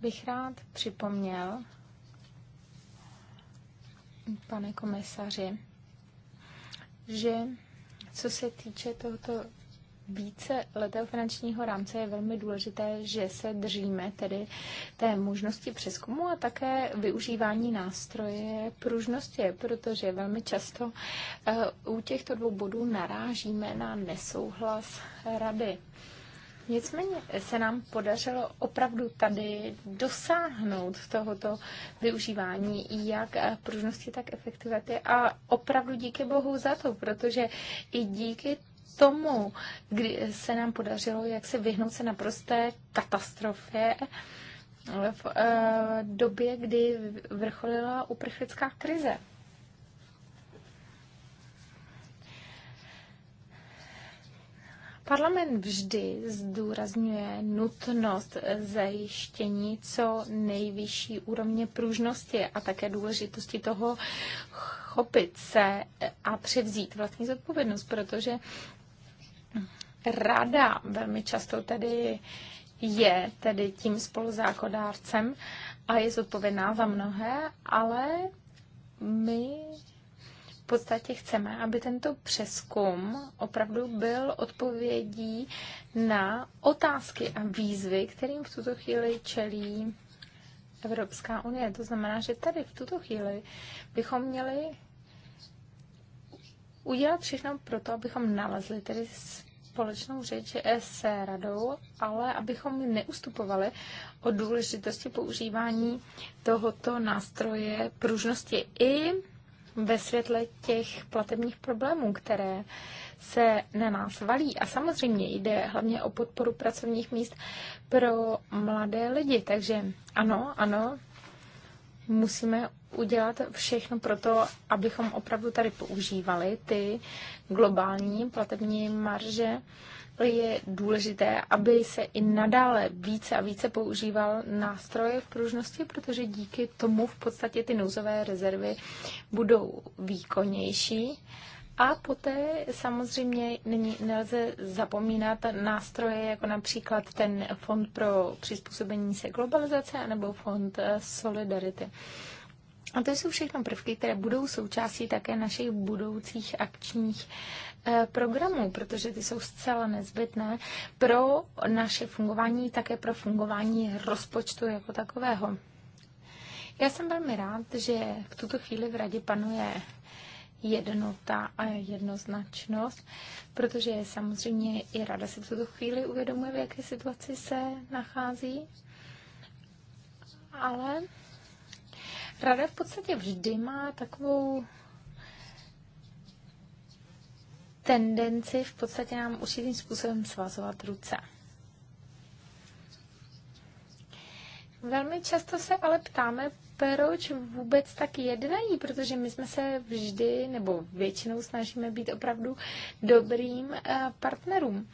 [SPEAKER 2] bych rád připomněl, pane komisaři, že co se týče tohoto více letého finančního rámce je velmi důležité, že se držíme tedy té možnosti přeskumu a také využívání nástroje pružnosti, protože velmi často eh, u těchto dvou bodů narážíme na nesouhlas rady. Nicméně se nám podařilo opravdu tady dosáhnout tohoto využívání jak pružnosti, tak efektivity a opravdu díky bohu za to, protože i díky tomu, kdy se nám podařilo jak se vyhnout se naprosté katastrofě, v eh, době, kdy vrcholila uprchlická krize. Parlament vždy zdůrazňuje nutnost zajištění co nejvyšší úrovně pružnosti a také důležitosti toho chopit se a převzít vlastní zodpovědnost, protože rada velmi často tedy je tedy tím spoluzákodárcem a je zodpovědná za mnohé, ale my podstatě chceme, aby tento přeskum opravdu byl odpovědí na otázky a výzvy, kterým v tuto chvíli čelí Evropská unie. To znamená, že tady v tuto chvíli bychom měli udělat všechno pro to, abychom nalezli tedy společnou řeč s radou, ale abychom neustupovali od důležitosti používání tohoto nástroje pružnosti i ve světle těch platebních problémů, které se na nás valí. A samozřejmě jde hlavně o podporu pracovních míst pro mladé lidi. Takže ano, ano, musíme udělat všechno pro to, abychom opravdu tady používali ty globální platební marže je důležité, aby se i nadále více a více používal nástroje v pružnosti, protože díky tomu v podstatě ty nouzové rezervy budou výkonnější. A poté samozřejmě není, nelze zapomínat nástroje, jako například ten fond pro přizpůsobení se globalizace nebo fond eh, Solidarity. A to jsou všechno prvky, které budou součástí také našich budoucích akčních uh, Eh, programů, protože ty jsou zcela nezbytné pro naše fungování, také pro fungování rozpočtu jako takového. Já jsem velmi rád, že v tuto chvíli v radě panuje jednota a jednoznačnost, protože samozřejmě i rada si v tuto chvíli uvědomuje, v jaké situaci se nachází. Ale rada v podstatě vždy má takovou tendenci v podstatě nám určitým způsobem svazovat ruce. Velmi často se ale ptáme, proč vůbec tak jednají, protože my jsme se vždy nebo většinou snažíme být opravdu dobrým eh, partnerům.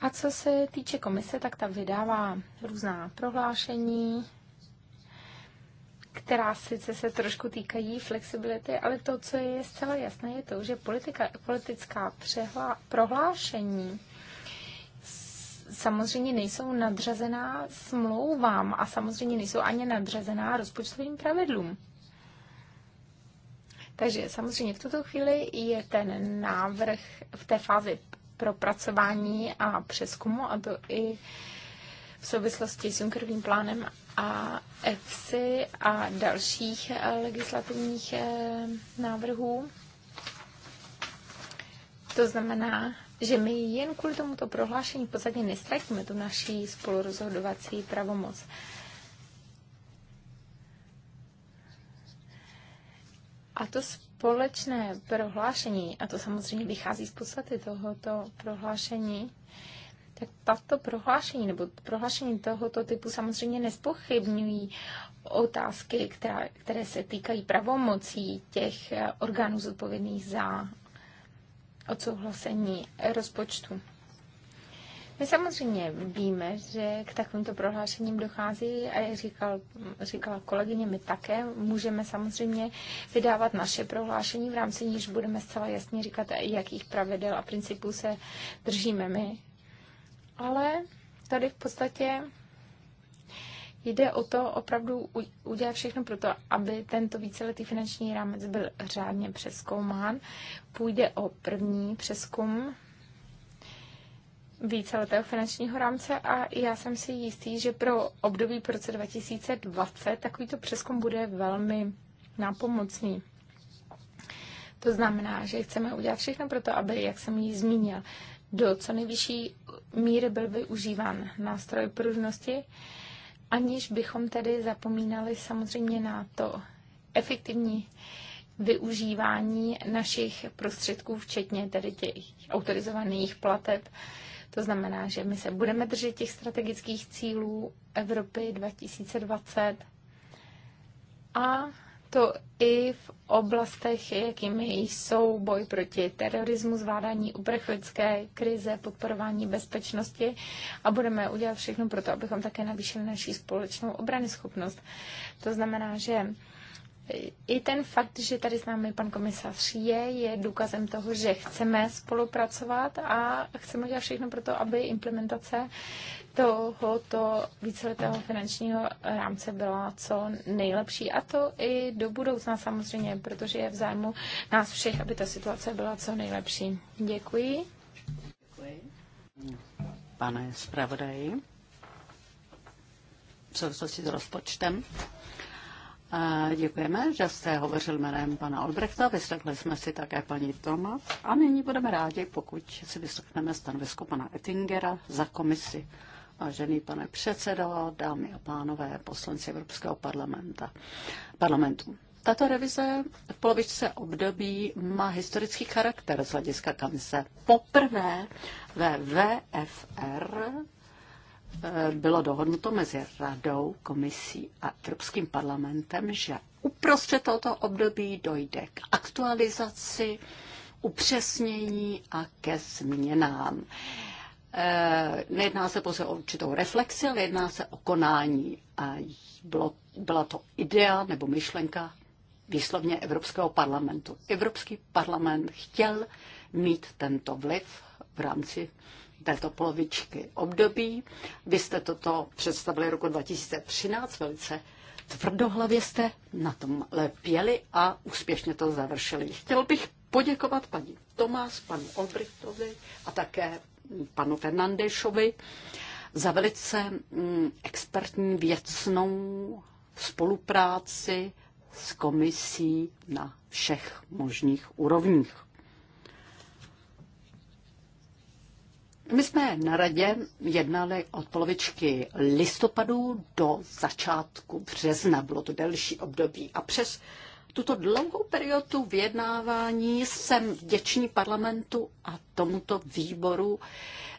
[SPEAKER 2] A co se týče komise, tak ta vydává různá prohlášení, která sice se trošku týkají flexibility, ale to, co je zcela jasné, je to, že politika, politická přehla, prohlášení samozřejmě nejsou nadřazená smlouvám a samozřejmě nejsou ani nadřazená rozpočtovým pravidlům. Takže samozřejmě v tuto chvíli je ten návrh v té fázi propracování a přeskumu, a to i uh, v souvislosti s Junckerovým plánem a EFSI a dalších eh, legislativních eh, návrhů. To znamená, že my jen kvůli tomuto prohlášení v podstatě nestratíme tu naší spolurozhodovací pravomoc. A to společné prohlášení, a to samozřejmě vychází z podstaty tohoto prohlášení, tak tato prohlášení nebo prohlášení tohoto typu samozřejmě nespochybňují otázky, která, které se týkají pravomocí těch eh, orgánů zodpovědných za odsouhlasení rozpočtu. My samozřejmě víme, že k takovýmto prohlášením dochází a jak říkal, říkala kolegyně, my také můžeme samozřejmě vydávat naše prohlášení, v rámci níž budeme zcela jasně říkat, jakých pravidel a principů se držíme my ale tady v podstatě jde o to opravdu udělat všechno pro to, aby tento víceletý finanční rámec byl řádně přeskoumán. Půjde o první přeskum víceletého finančního rámce a já jsem si jistý, že pro období po roce 2020 takovýto přeskum bude velmi nápomocný. To znamená, že chceme udělat všechno pro to, aby, jak jsem ji zmínil, do co nejvyšší míry byl využíván nástroj pružnosti, aniž bychom tedy zapomínali samozřejmě na to efektivní využívání našich prostředků, včetně tedy těch autorizovaných plateb. To znamená, že my se budeme držet těch strategických cílů Evropy 2020 a to i v oblastech, jakými jsou boj proti terorismu, zvládání uprchlické krize, podporování bezpečnosti a budeme udělat všechno pro to, abychom také navýšili naší společnou obrany schopnost. To znamená, že i ten fakt, že tady s námi pan komisař je, je důkazem toho, že chceme spolupracovat a chceme dělat všechno pro to, aby implementace tohoto víceletého finančního rámce byla co nejlepší. A to i do budoucna samozřejmě, protože je v zájmu nás všech, aby ta situace byla co nejlepší. Děkuji.
[SPEAKER 3] Děkuji. Pane
[SPEAKER 2] zpravodaji,
[SPEAKER 3] v souvislosti s rozpočtem Děkujeme, že jste hovořil jménem pana Olbrechta, vyslechli jsme si také paní Toma a nyní budeme rádi, pokud si vyslechneme stanovisko pana Ettingera za komisi. Vážený pane předsedo, dámy a pánové, poslanci Evropského parlamenta, parlamentu. Tato revize v polovičce období má historický charakter z hlediska kamise. Poprvé ve VFR Eh, bylo dohodnuto mezi radou, komisí a Evropským parlamentem, že uprostřed tohoto období dojde k aktualizaci, upřesnění a ke změnám. Eh, nejedná se pouze o určitou reflexi, ale jedná se o konání. A bylo, byla to idea nebo myšlenka výslovně Evropského parlamentu. Evropský parlament chtěl mít tento vliv v rámci této polovičky období. Vy jste toto představili roku 2013, velice tvrdohlavě jste na tom lepěli a úspěšně to završili. Chtěl bych poděkovat paní Tomás, panu Olbrichtovi a také panu Fernandešovi za velice mm, expertní věcnou spolupráci s komisí na všech možných úrovních. My jsme na radě jednali od polovičky listopadu do začátku března, bylo to delší období. A přes tuto dlouhou periodu vyjednávání jsem vděčný parlamentu a tomuto výboru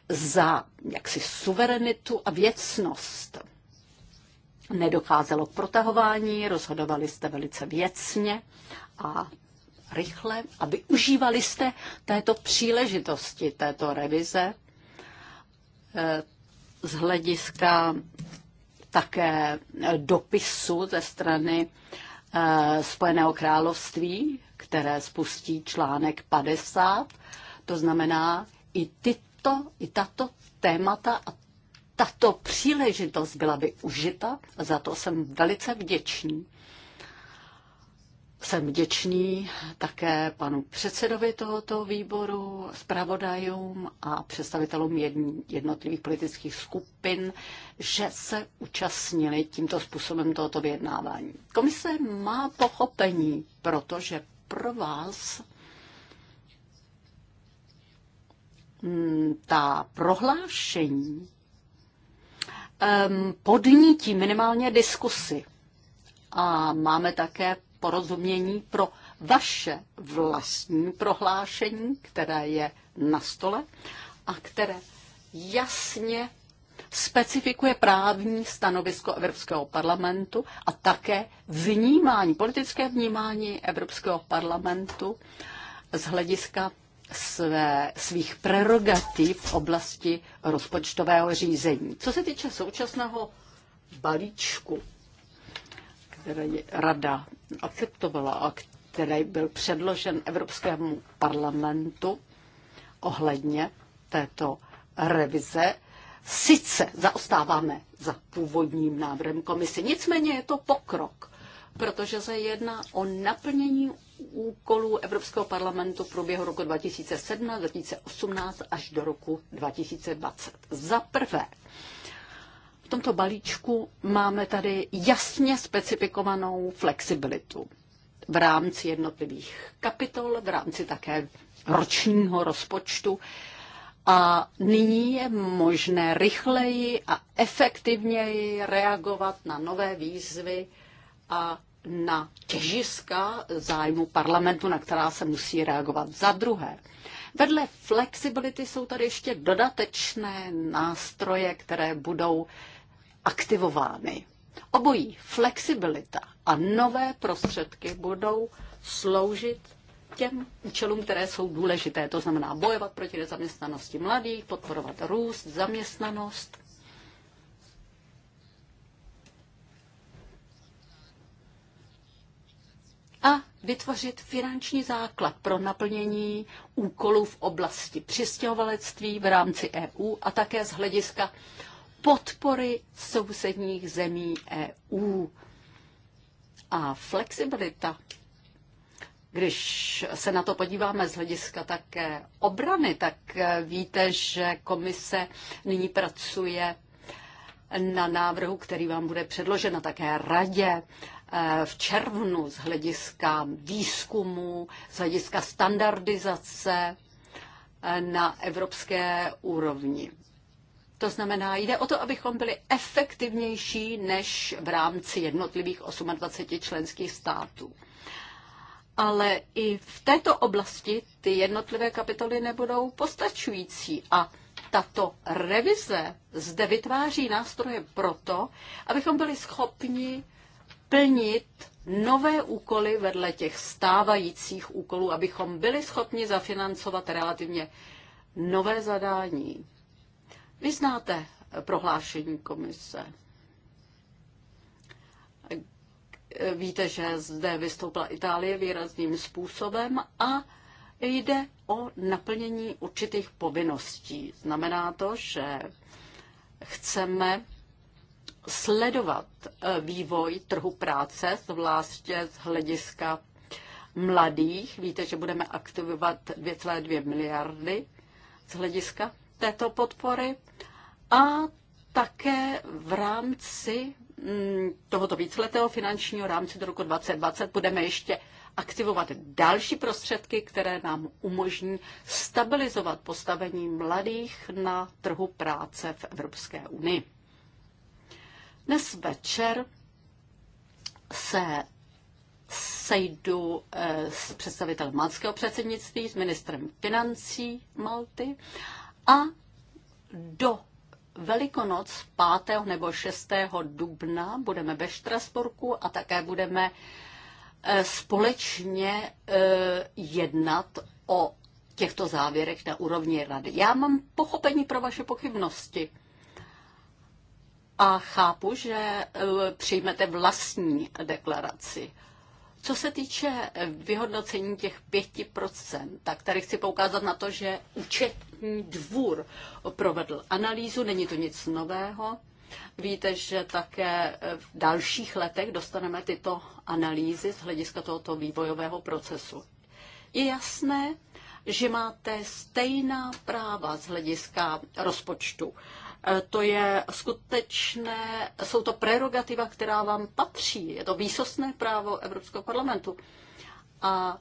[SPEAKER 3] za jaksi suverenitu a věcnost. Nedocházelo k protahování, rozhodovali jste velice věcně a rychle a využívali jste této příležitosti, této revize z hlediska také dopisu ze strany eh, Spojeného království, které spustí článek 50. To znamená, i, tyto, i tato témata a tato příležitost byla by užita, za to jsem velice vděčný. Jsem vděčný také panu předsedovi tohoto výboru, zpravodajům a představitelům jednotlivých politických skupin, že se účastnili tímto způsobem tohoto vyjednávání. Komise má pochopení, protože pro vás mm, ta prohlášení podnítí minimálně diskusy. A máme také porozumění pro vaše vlastní prohlášení, které je na stole a které jasně specifikuje právní stanovisko Evropského parlamentu a také vnímání, politické vnímání Evropského parlamentu z hlediska své, svých prerogativ v oblasti rozpočtového řízení. Co se týče současného balíčku které rada akceptovala a který byl předložen Evropskému parlamentu ohledně této revize, sice zaostáváme za původním návrhem komise, nicméně je to pokrok, protože se jedná o naplnění úkolů Evropského parlamentu v průběhu roku 2017, 2018 až do roku 2020. Za prvé, tomto balíčku máme tady jasně specifikovanou flexibilitu v rámci jednotlivých kapitol, v rámci také ročního rozpočtu. A nyní je možné rychleji a efektivněji reagovat na nové výzvy a na těžiska zájmu parlamentu, na která se musí reagovat. Za druhé, vedle flexibility jsou tady ještě dodatečné nástroje, které budou aktivovány. Obojí flexibilita a nové prostředky budou sloužit těm účelům, které jsou důležité. To znamená bojovat proti nezaměstnanosti mladých, podporovat růst, zaměstnanost. A vytvořit finanční základ pro naplnění úkolů v oblasti přistěhovalectví v rámci EU a také z hlediska podpory sousedních zemí EU. A flexibilita,
[SPEAKER 2] když
[SPEAKER 3] se na to podíváme z hlediska také obrany, tak eh, víte, že komise nyní pracuje na návrhu, který vám bude předložen na také radě eh, v červnu z hlediska výzkumu, z hlediska standardizace eh, na evropské úrovni. To znamená, jde o to, abychom byli efektivnější než v rámci jednotlivých 28 členských států. Ale i v této oblasti ty jednotlivé kapitoly nebudou postačující a tato revize zde vytváří nástroje proto, abychom byli schopni plnit nové úkoly vedle těch stávajících úkolů, abychom byli schopni zafinancovat relativně nové zadání. Vy znáte prohlášení komise. Víte, že zde vystoupila Itálie výrazným způsobem a jde o naplnění určitých povinností. Znamená to, že chceme sledovat eh, vývoj trhu práce, zvláště z hlediska mladých. Víte, že budeme aktivovat 2,2 miliardy z hlediska této podpory a také v rámci mm, tohoto víceletého finančního rámce do roku 2020 budeme ještě aktivovat další prostředky, které nám umožní stabilizovat postavení mladých na trhu práce v Evropské unii. Dnes večer se sejdu eh, s představitelem malského předsednictví, s ministrem financí Malty a do Velikonoc 5. nebo 6. dubna budeme ve Štrasburku a také budeme eh, společně eh, jednat o těchto závěrech na úrovni rady. Já mám pochopení pro vaše pochybnosti a chápu, že eh, přijmete vlastní deklaraci. Co se týče vyhodnocení těch 5%, tak tady chci poukázat na to, že účetní dvůr provedl analýzu, není to nic nového. Víte, že také v dalších letech dostaneme tyto analýzy z hlediska tohoto vývojového procesu. Je jasné, že máte stejná práva z hlediska rozpočtu Eh, to je skutečné, jsou to prerogativa, která vám patří. Je to výsostné právo Evropského parlamentu. A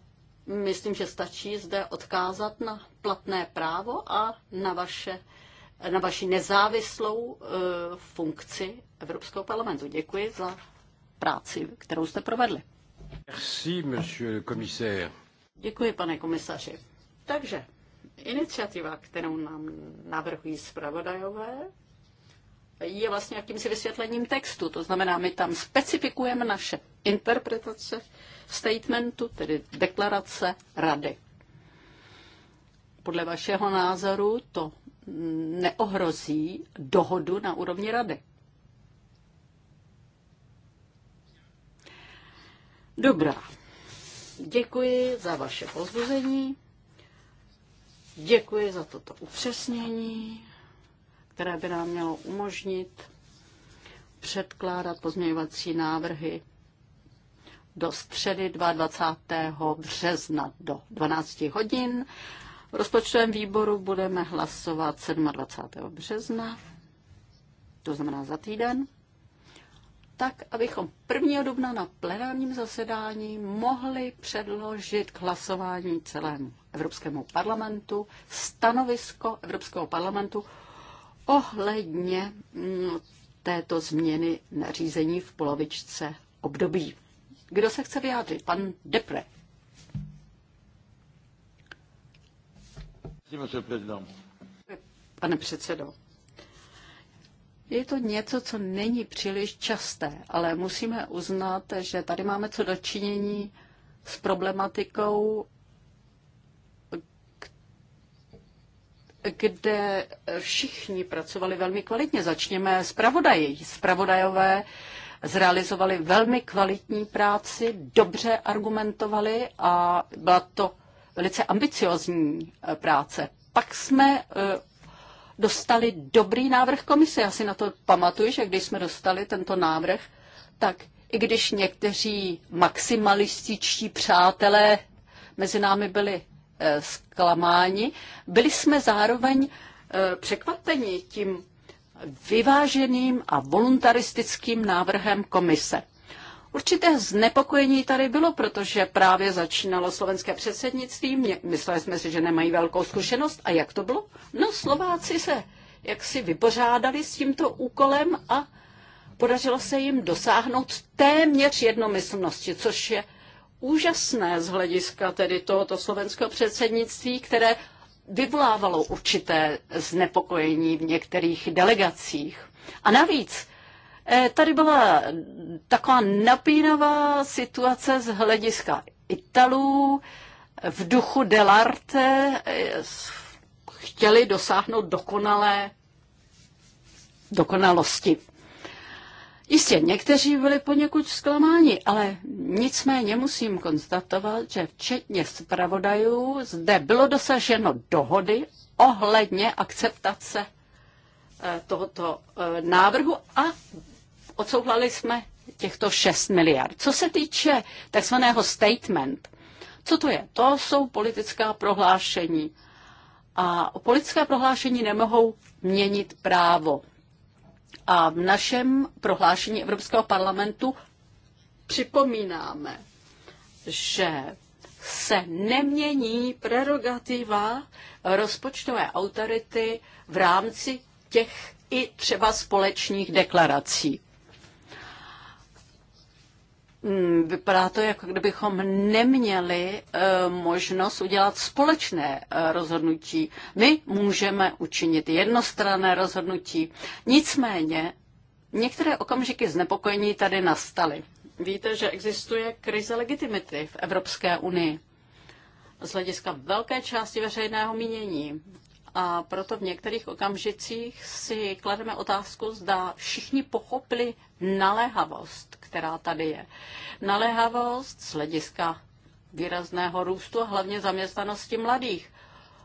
[SPEAKER 3] myslím, že stačí zde odkázat na platné právo a na, vaše, na vaši nezávislou uh, funkci Evropského parlamentu. Děkuji za práci, kterou jste provedli.
[SPEAKER 1] Merci, monsieur le commissaire.
[SPEAKER 3] Děkuji, pane komisaři. Takže Iniciativa, kterou nám navrhují zpravodajové, je vlastně jakýmsi vysvětlením textu. To znamená, my tam specifikujeme naše interpretace statementu, tedy deklarace rady. Podle vašeho názoru to neohrozí dohodu na úrovni rady. Dobrá. Děkuji za vaše pozbuzení. Děkuji za toto upřesnění, které by nám mělo umožnit předkládat pozměňovací návrhy do středy 22. března do 12 hodin. V rozpočtovém výboru budeme hlasovat 27. března, to znamená za týden tak, abychom 1. dubna na plenárním zasedání mohli předložit k hlasování celému Evropskému parlamentu stanovisko Evropského parlamentu ohledně mm, této změny nařízení v polovičce období. Kdo se chce vyjádřit? Pan Depre. Pane předsedo, je to něco, co není příliš časté, ale musíme uznat, že tady máme co dočinění s problematikou, kde všichni pracovali velmi kvalitně. Začněme s pravodají. Spravodajové zrealizovali velmi kvalitní práci, dobře argumentovali a byla to velice ambiciozní eh, práce. Pak jsme eh, dostali dobrý návrh komise. Já si na to pamatuju, že když jsme dostali tento návrh, tak i když někteří maximalističtí přátelé mezi námi byli eh, zklamáni, byli jsme zároveň eh, překvapeni tím vyváženým a voluntaristickým návrhem komise. Určité znepokojení tady bylo, protože právě začínalo slovenské předsednictví. Mysleli jsme si, že nemají velkou zkušenost. A jak to bylo? No, Slováci se jak si vypořádali s tímto úkolem a podařilo se jim dosáhnout téměř jednomyslnosti, což je úžasné z hlediska tedy tohoto slovenského předsednictví, které vyvolávalo určité znepokojení v některých delegacích. A navíc Eh, tady byla taková napínavá situace z hlediska Italů. V duchu Delarte eh, chtěli dosáhnout dokonalé dokonalosti. Jistě, někteří byli poněkud zklamáni, ale nicméně musím konstatovat, že včetně zpravodajů zde bylo dosaženo dohody ohledně akceptace eh, tohoto návrhu a Odsouhlali jsme těchto 6 miliard. Co se týče takzvaného statement, co to je? To jsou politická prohlášení. A politická prohlášení nemohou měnit právo. A v našem prohlášení Evropského parlamentu připomínáme, že se nemění prerogativa rozpočtové autority v rámci těch i třeba společných deklarací. Hmm, vypadá to, jako kdybychom neměli eh, možnost udělat společné eh, rozhodnutí. My můžeme učinit jednostranné rozhodnutí. Nicméně některé okamžiky znepokojení tady nastaly. Víte, že existuje krize legitimity v Evropské unii z hlediska velké části veřejného mínění. A proto v některých okamžicích si klademe otázku, zda všichni pochopili naléhavost, která tady je. Naléhavost z hlediska výrazného růstu a hlavně zaměstnanosti mladých.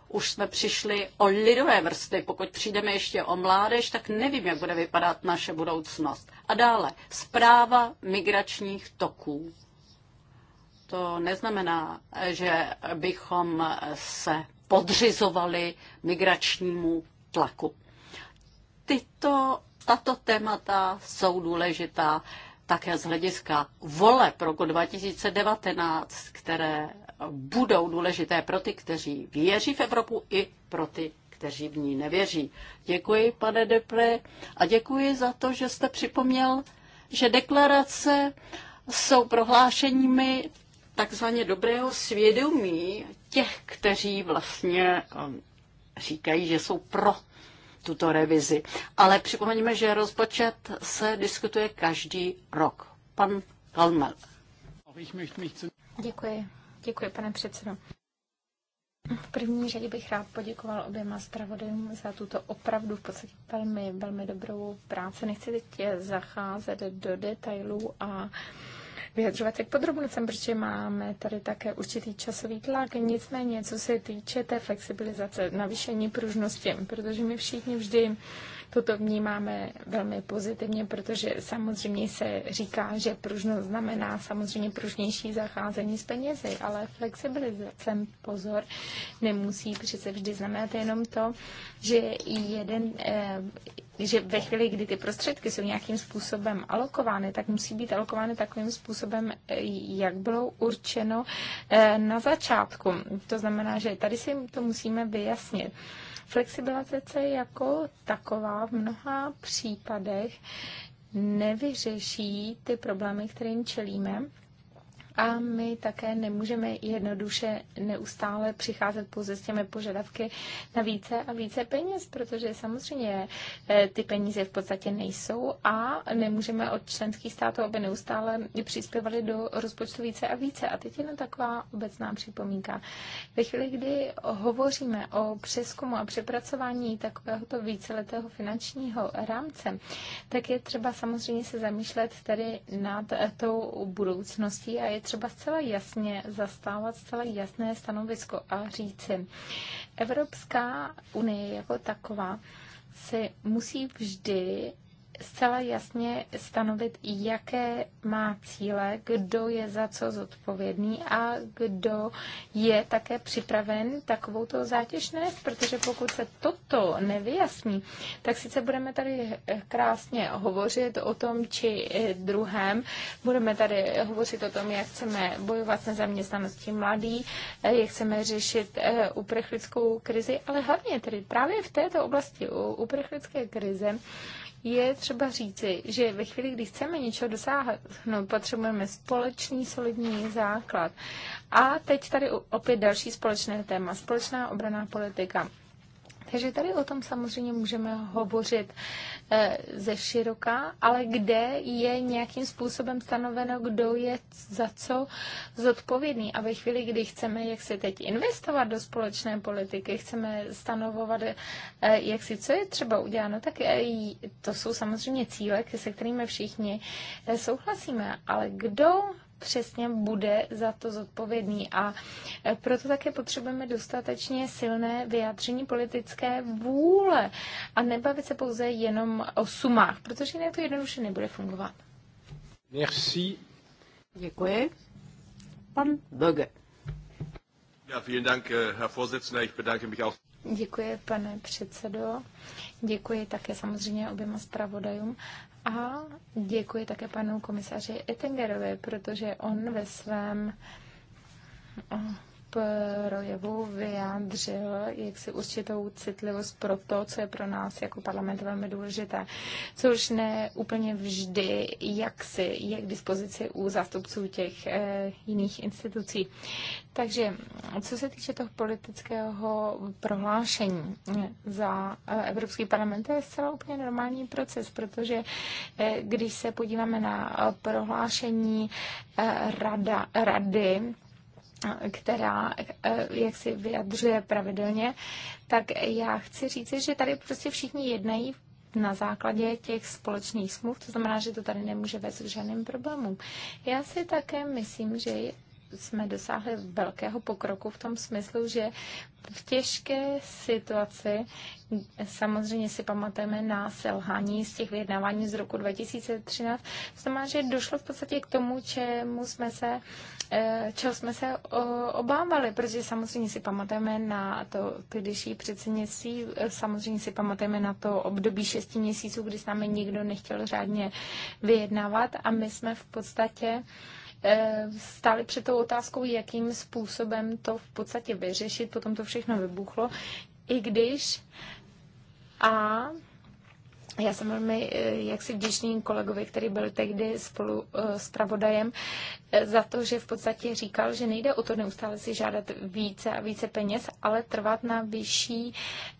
[SPEAKER 3] Už jsme přišli o lidové vrsty. Pokud přijdeme ještě o mládež, tak nevím, jak bude vypadat naše budoucnost. A dále, zpráva migračních toků. To neznamená, že bychom se podřizovali migračnímu tlaku. Tyto, tato témata jsou důležitá také z hlediska vole pro roku 2019, které budou důležité pro ty, kteří věří v Evropu i pro ty, kteří v ní nevěří. Děkuji, pane Depre, a děkuji za to, že jste připomněl, že deklarace jsou prohlášeními takzvaně dobrého svědomí těch, kteří vlastně um, říkají, že jsou pro tuto revizi. Ale připomeňme, že rozpočet se diskutuje každý rok. Pan Kalmel.
[SPEAKER 2] Děkuji. Děkuji, pane předsedo. V první řadě bych rád poděkoval oběma zpravodajům za tuto opravdu v podstatě velmi, velmi dobrou práci. Nechci teď zacházet do detailů a vyjadřovat se k podrobnostem, protože máme tady také určitý časový tlak. Nicméně, co se týče té flexibilizace, navýšení pružnosti, protože my všichni vždy Toto vnímáme velmi pozitivně, protože samozřejmě se říká, že pružnost znamená samozřejmě pružnější zacházení s penězi, ale flexibilizace, pozor, nemusí přece vždy znamenat jenom to, že jeden, eh, že ve chvíli, kdy ty prostředky jsou nějakým způsobem alokovány, tak musí být alokovány takovým způsobem, eh, jak bylo určeno eh, na začátku. To znamená, že tady si to musíme vyjasnit. Flexibilizace jako taková v mnoha případech nevyřeší ty problémy, kterým čelíme a my také nemůžeme jednoduše neustále přicházet pouze s těmi požadavky na více a více peněz, protože samozřejmě eh, ty peníze v podstatě nejsou a nemůžeme od členských států, aby neustále přispěvali do rozpočtu více a více. A teď jenom taková obecná připomínka. Ve chvíli, kdy hovoříme o přeskumu a přepracování takovéhoto víceletého finančního rámce, tak je třeba samozřejmě se zamýšlet tady nad tou budoucností a je třeba zcela jasně zastávat zcela jasné stanovisko a říci, Evropská unie jako taková se musí vždy zcela jasně stanovit, jaké má cíle, kdo je za co zodpovědný a kdo je také připraven takovou to zátěž nést, protože pokud se toto nevyjasní, tak sice budeme tady krásně hovořit o tom či druhém, budeme tady hovořit o tom, jak chceme bojovat s nezaměstnaností mladý, jak chceme řešit eh, uprchlickou krizi, ale hlavně tedy právě v této oblasti uprchlické krize, je třeba říci, že ve chvíli, kdy chceme něčeho dosáhnout, potřebujeme společný solidní základ. A teď tady opět další společné téma, společná obraná politika. Takže tady o tom samozřejmě můžeme hovořit E, ze široka, ale kde je nějakým způsobem stanoveno, kdo je za co zodpovědný. A ve chvíli, kdy chceme, jak si teď investovat do společné politiky, chceme stanovovat, e, jak si co je třeba uděláno, tak e, to jsou samozřejmě cíle, se kterými všichni souhlasíme. Ale kdo přesně bude za to zodpovědný. A e, proto také potřebujeme dostatečně silné vyjádření politické vůle a nebavit se pouze jenom o sumách, protože jinak to jednoduše nebude fungovat.
[SPEAKER 3] Merci.
[SPEAKER 2] Děkuji. Pan
[SPEAKER 3] Böge. Ja,
[SPEAKER 1] vielen Dank, Herr Vorsitzender. Ich bedanke mich auch.
[SPEAKER 2] Děkuji, pane předsedo. Děkuji také samozřejmě oběma zpravodajům. A děkuji také panu komisaři Ettingerovi, protože on ve svém projevu vyjádřil jaksi určitou citlivost pro to, co je pro nás jako parlament velmi důležité, což ne úplně vždy, jak si je k dispozici u zástupců těch eh, jiných institucí. Takže co se týče toho politického prohlášení za eh, Evropský parlament, to je zcela úplně normální proces, protože eh, když se podíváme na eh, prohlášení rada, rady, která eh, jak si vyjadřuje pravidelně, tak já chci říct, že tady prostě všichni jednají na základě těch společných smluv, to znamená, že to tady nemůže vést k žádným problémům. Já si také myslím, že jsme dosáhli velkého pokroku v tom smyslu, že v těžké situaci samozřejmě si pamatujeme na selhání z těch vyjednávání z roku 2013. To znamená, že došlo v podstatě k tomu, čemu jsme se, eh, čeho jsme se obávali, protože samozřejmě si pamatujeme na to tehdejší předsednictví, eh, samozřejmě si pamatujeme na to období šesti měsíců, kdy s námi nikdo nechtěl řádně vyjednávat a my jsme v podstatě Eh, stáli před tou otázkou, jakým způsobem to v podstatě vyřešit. Potom to všechno vybuchlo. I když a já jsem velmi eh, jaksi vděčný kolegovi, který byl tehdy spolu eh, s pravodajem, za to, že v podstatě říkal, že nejde o to neustále si žádat více a více peněz, ale trvat na vyšší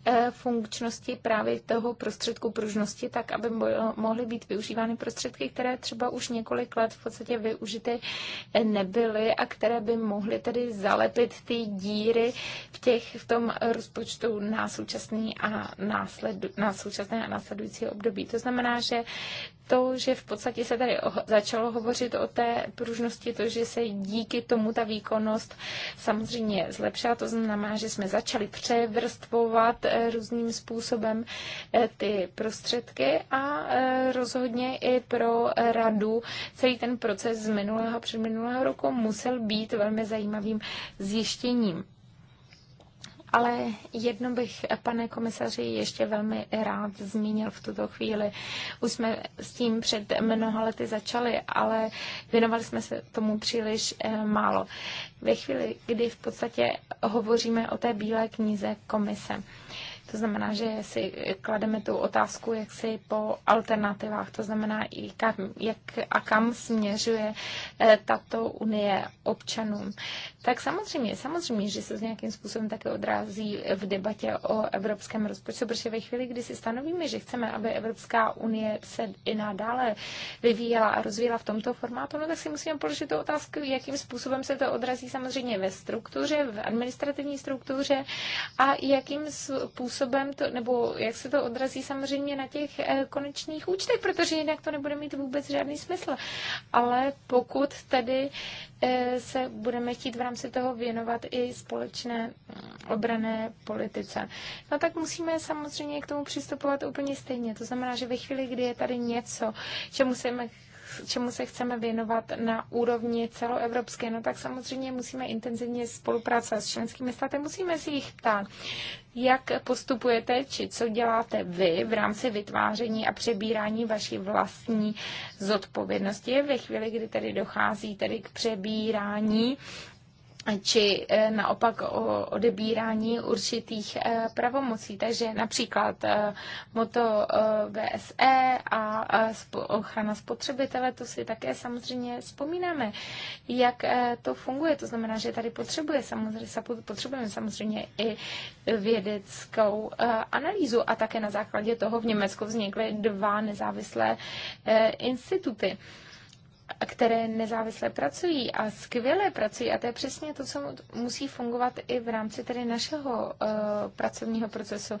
[SPEAKER 2] eh, funkčnosti právě toho prostředku pružnosti, tak aby mohly být využívány prostředky, které třeba už několik let v podstatě využity nebyly a které by mohly tedy zalepit ty díry v, těch, v tom rozpočtu na současný a následu, na současné a následující období. To znamená, že to, že v podstatě se tady začalo hovořit o té pružnosti, to, že se díky tomu ta výkonnost samozřejmě zlepšila, to znamená, že jsme začali převrstvovat eh, různým způsobem eh, ty prostředky a eh, rozhodně i pro radu celý ten proces z minulého předminulého roku musel být velmi zajímavým zjištěním ale jedno bych, pane komisaři, ještě velmi rád zmínil v tuto chvíli. Už jsme s tím před mnoha lety začali, ale věnovali jsme se tomu příliš eh, málo. Ve chvíli, kdy v podstatě hovoříme o té bílé knize komise. To znamená, že si klademe tu otázku, jak si po alternativách, to znamená i kam, jak a kam směřuje eh, tato unie občanům. Tak samozřejmě, samozřejmě, že se to nějakým způsobem také odrází v debatě o evropském rozpočtu, protože ve chvíli, kdy si stanovíme, že chceme, aby Evropská unie se i nadále vyvíjela a rozvíjela v tomto formátu, no tak si musíme položit tu otázku, jakým způsobem se to odrazí samozřejmě ve struktuře, v administrativní struktuře a jakým způsobem způsobem to, nebo jak se to odrazí samozřejmě na těch eh, konečných účtech, protože jinak to nebude mít vůbec žádný smysl. Ale pokud tedy eh, se budeme chtít v rámci toho věnovat i společné mm, obrané politice. No tak musíme samozřejmě k tomu přistupovat úplně stejně. To znamená, že ve chvíli, kdy je tady něco, čemu se čemu se chceme věnovat na úrovni celoevropské, no tak samozřejmě musíme intenzivně spolupracovat s členskými státy, musíme si jich ptát, jak postupujete, či co děláte vy v rámci vytváření a přebírání vaší vlastní zodpovědnosti ve chvíli, kdy tedy dochází tedy k přebírání či eh, naopak o odebírání určitých eh, pravomocí. Takže například eh, moto VSE a ochrana spotřebitele, to si také samozřejmě vzpomínáme, jak to funguje. To znamená, že tady potřebuje samozřejmě, potřebujeme samozřejmě i vědeckou analýzu a také na základě toho v Německu vznikly dva nezávislé instituty které nezávisle pracují a skvěle pracují. A to je přesně to, co musí fungovat i v rámci tedy našeho uh, pracovního procesu.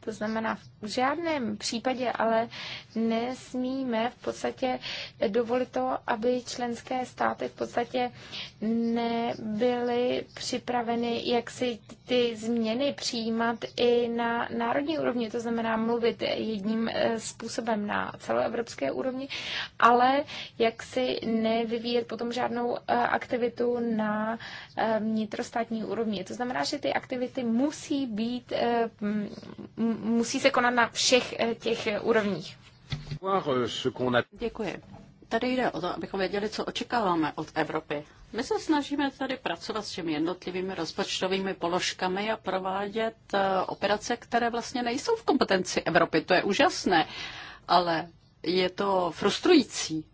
[SPEAKER 2] To znamená, v žádném případě ale nesmíme v podstatě dovolit to, aby členské státy v podstatě nebyly připraveny, jak si ty změny přijímat i na národní úrovni. To znamená mluvit jedním eh, způsobem na celoevropské úrovni, ale jak si nevyvíjet potom žádnou eh, aktivitu na eh, vnitrostátní úrovni. To znamená, že ty aktivity musí být, eh, musí se konat na všech těch úrovních. Děkuji. Tady jde o to, abychom věděli, co
[SPEAKER 3] očekáváme od Evropy. My se snažíme tady pracovat s těmi jednotlivými rozpočtovými položkami a provádět operace, které vlastně nejsou v kompetenci Evropy. To je úžasné, ale je to frustrující,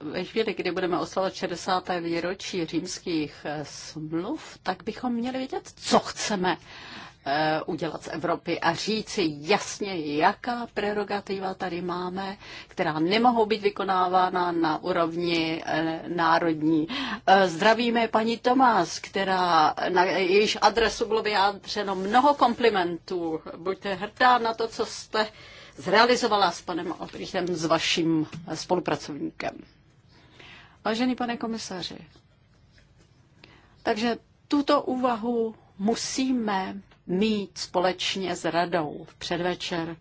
[SPEAKER 3] ve chvíli, kdy budeme oslavovat 60. výročí římských eh, smluv, tak bychom měli vědět, co chceme eh, udělat z Evropy a říci jasně, jaká prerogativa tady máme, která nemohou být vykonávána na úrovni eh, národní. Zdravíme paní Tomás, která na jejíž adresu bylo vyjádřeno mnoho komplimentů. Buďte hrdá na to, co jste zrealizovala s panem Otrichem, s vaším spolupracovníkem. Vážený pane komisaři, takže tuto úvahu musíme mít společně s radou v předvečer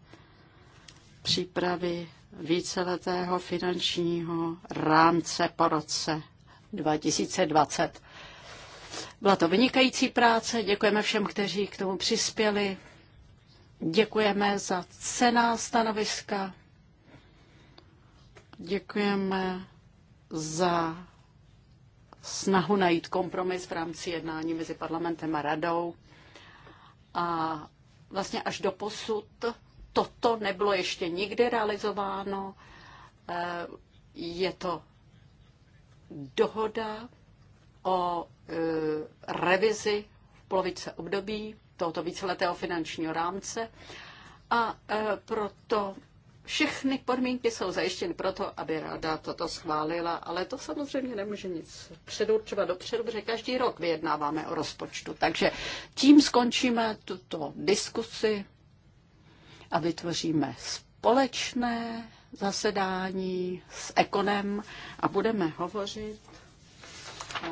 [SPEAKER 3] přípravy víceletého finančního rámce po roce 2020. Byla to vynikající práce, děkujeme všem, kteří k tomu přispěli, děkujeme za cená stanoviska, děkujeme za snahu najít kompromis v rámci jednání mezi parlamentem a radou. A vlastně až do posud toto nebylo ještě nikdy realizováno. Eh, je to dohoda o eh, revizi v polovice období tohoto víceletého finančního rámce. A eh, proto všechny podmínky jsou zajištěny proto, aby rada toto schválila, ale to samozřejmě nemůže nic předurčovat dopředu, protože každý rok vyjednáváme o rozpočtu. Takže tím skončíme tuto diskusi a vytvoříme společné zasedání s Ekonem a budeme hovořit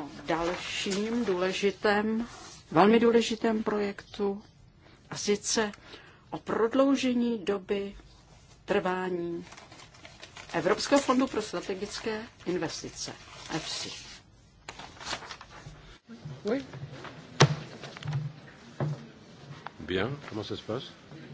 [SPEAKER 3] o dalším důležitém, velmi důležitém projektu a sice o prodloužení doby trvání Evropského fondu pro strategické investice, EFSI. Oui.
[SPEAKER 1] Bien, comment ça se passe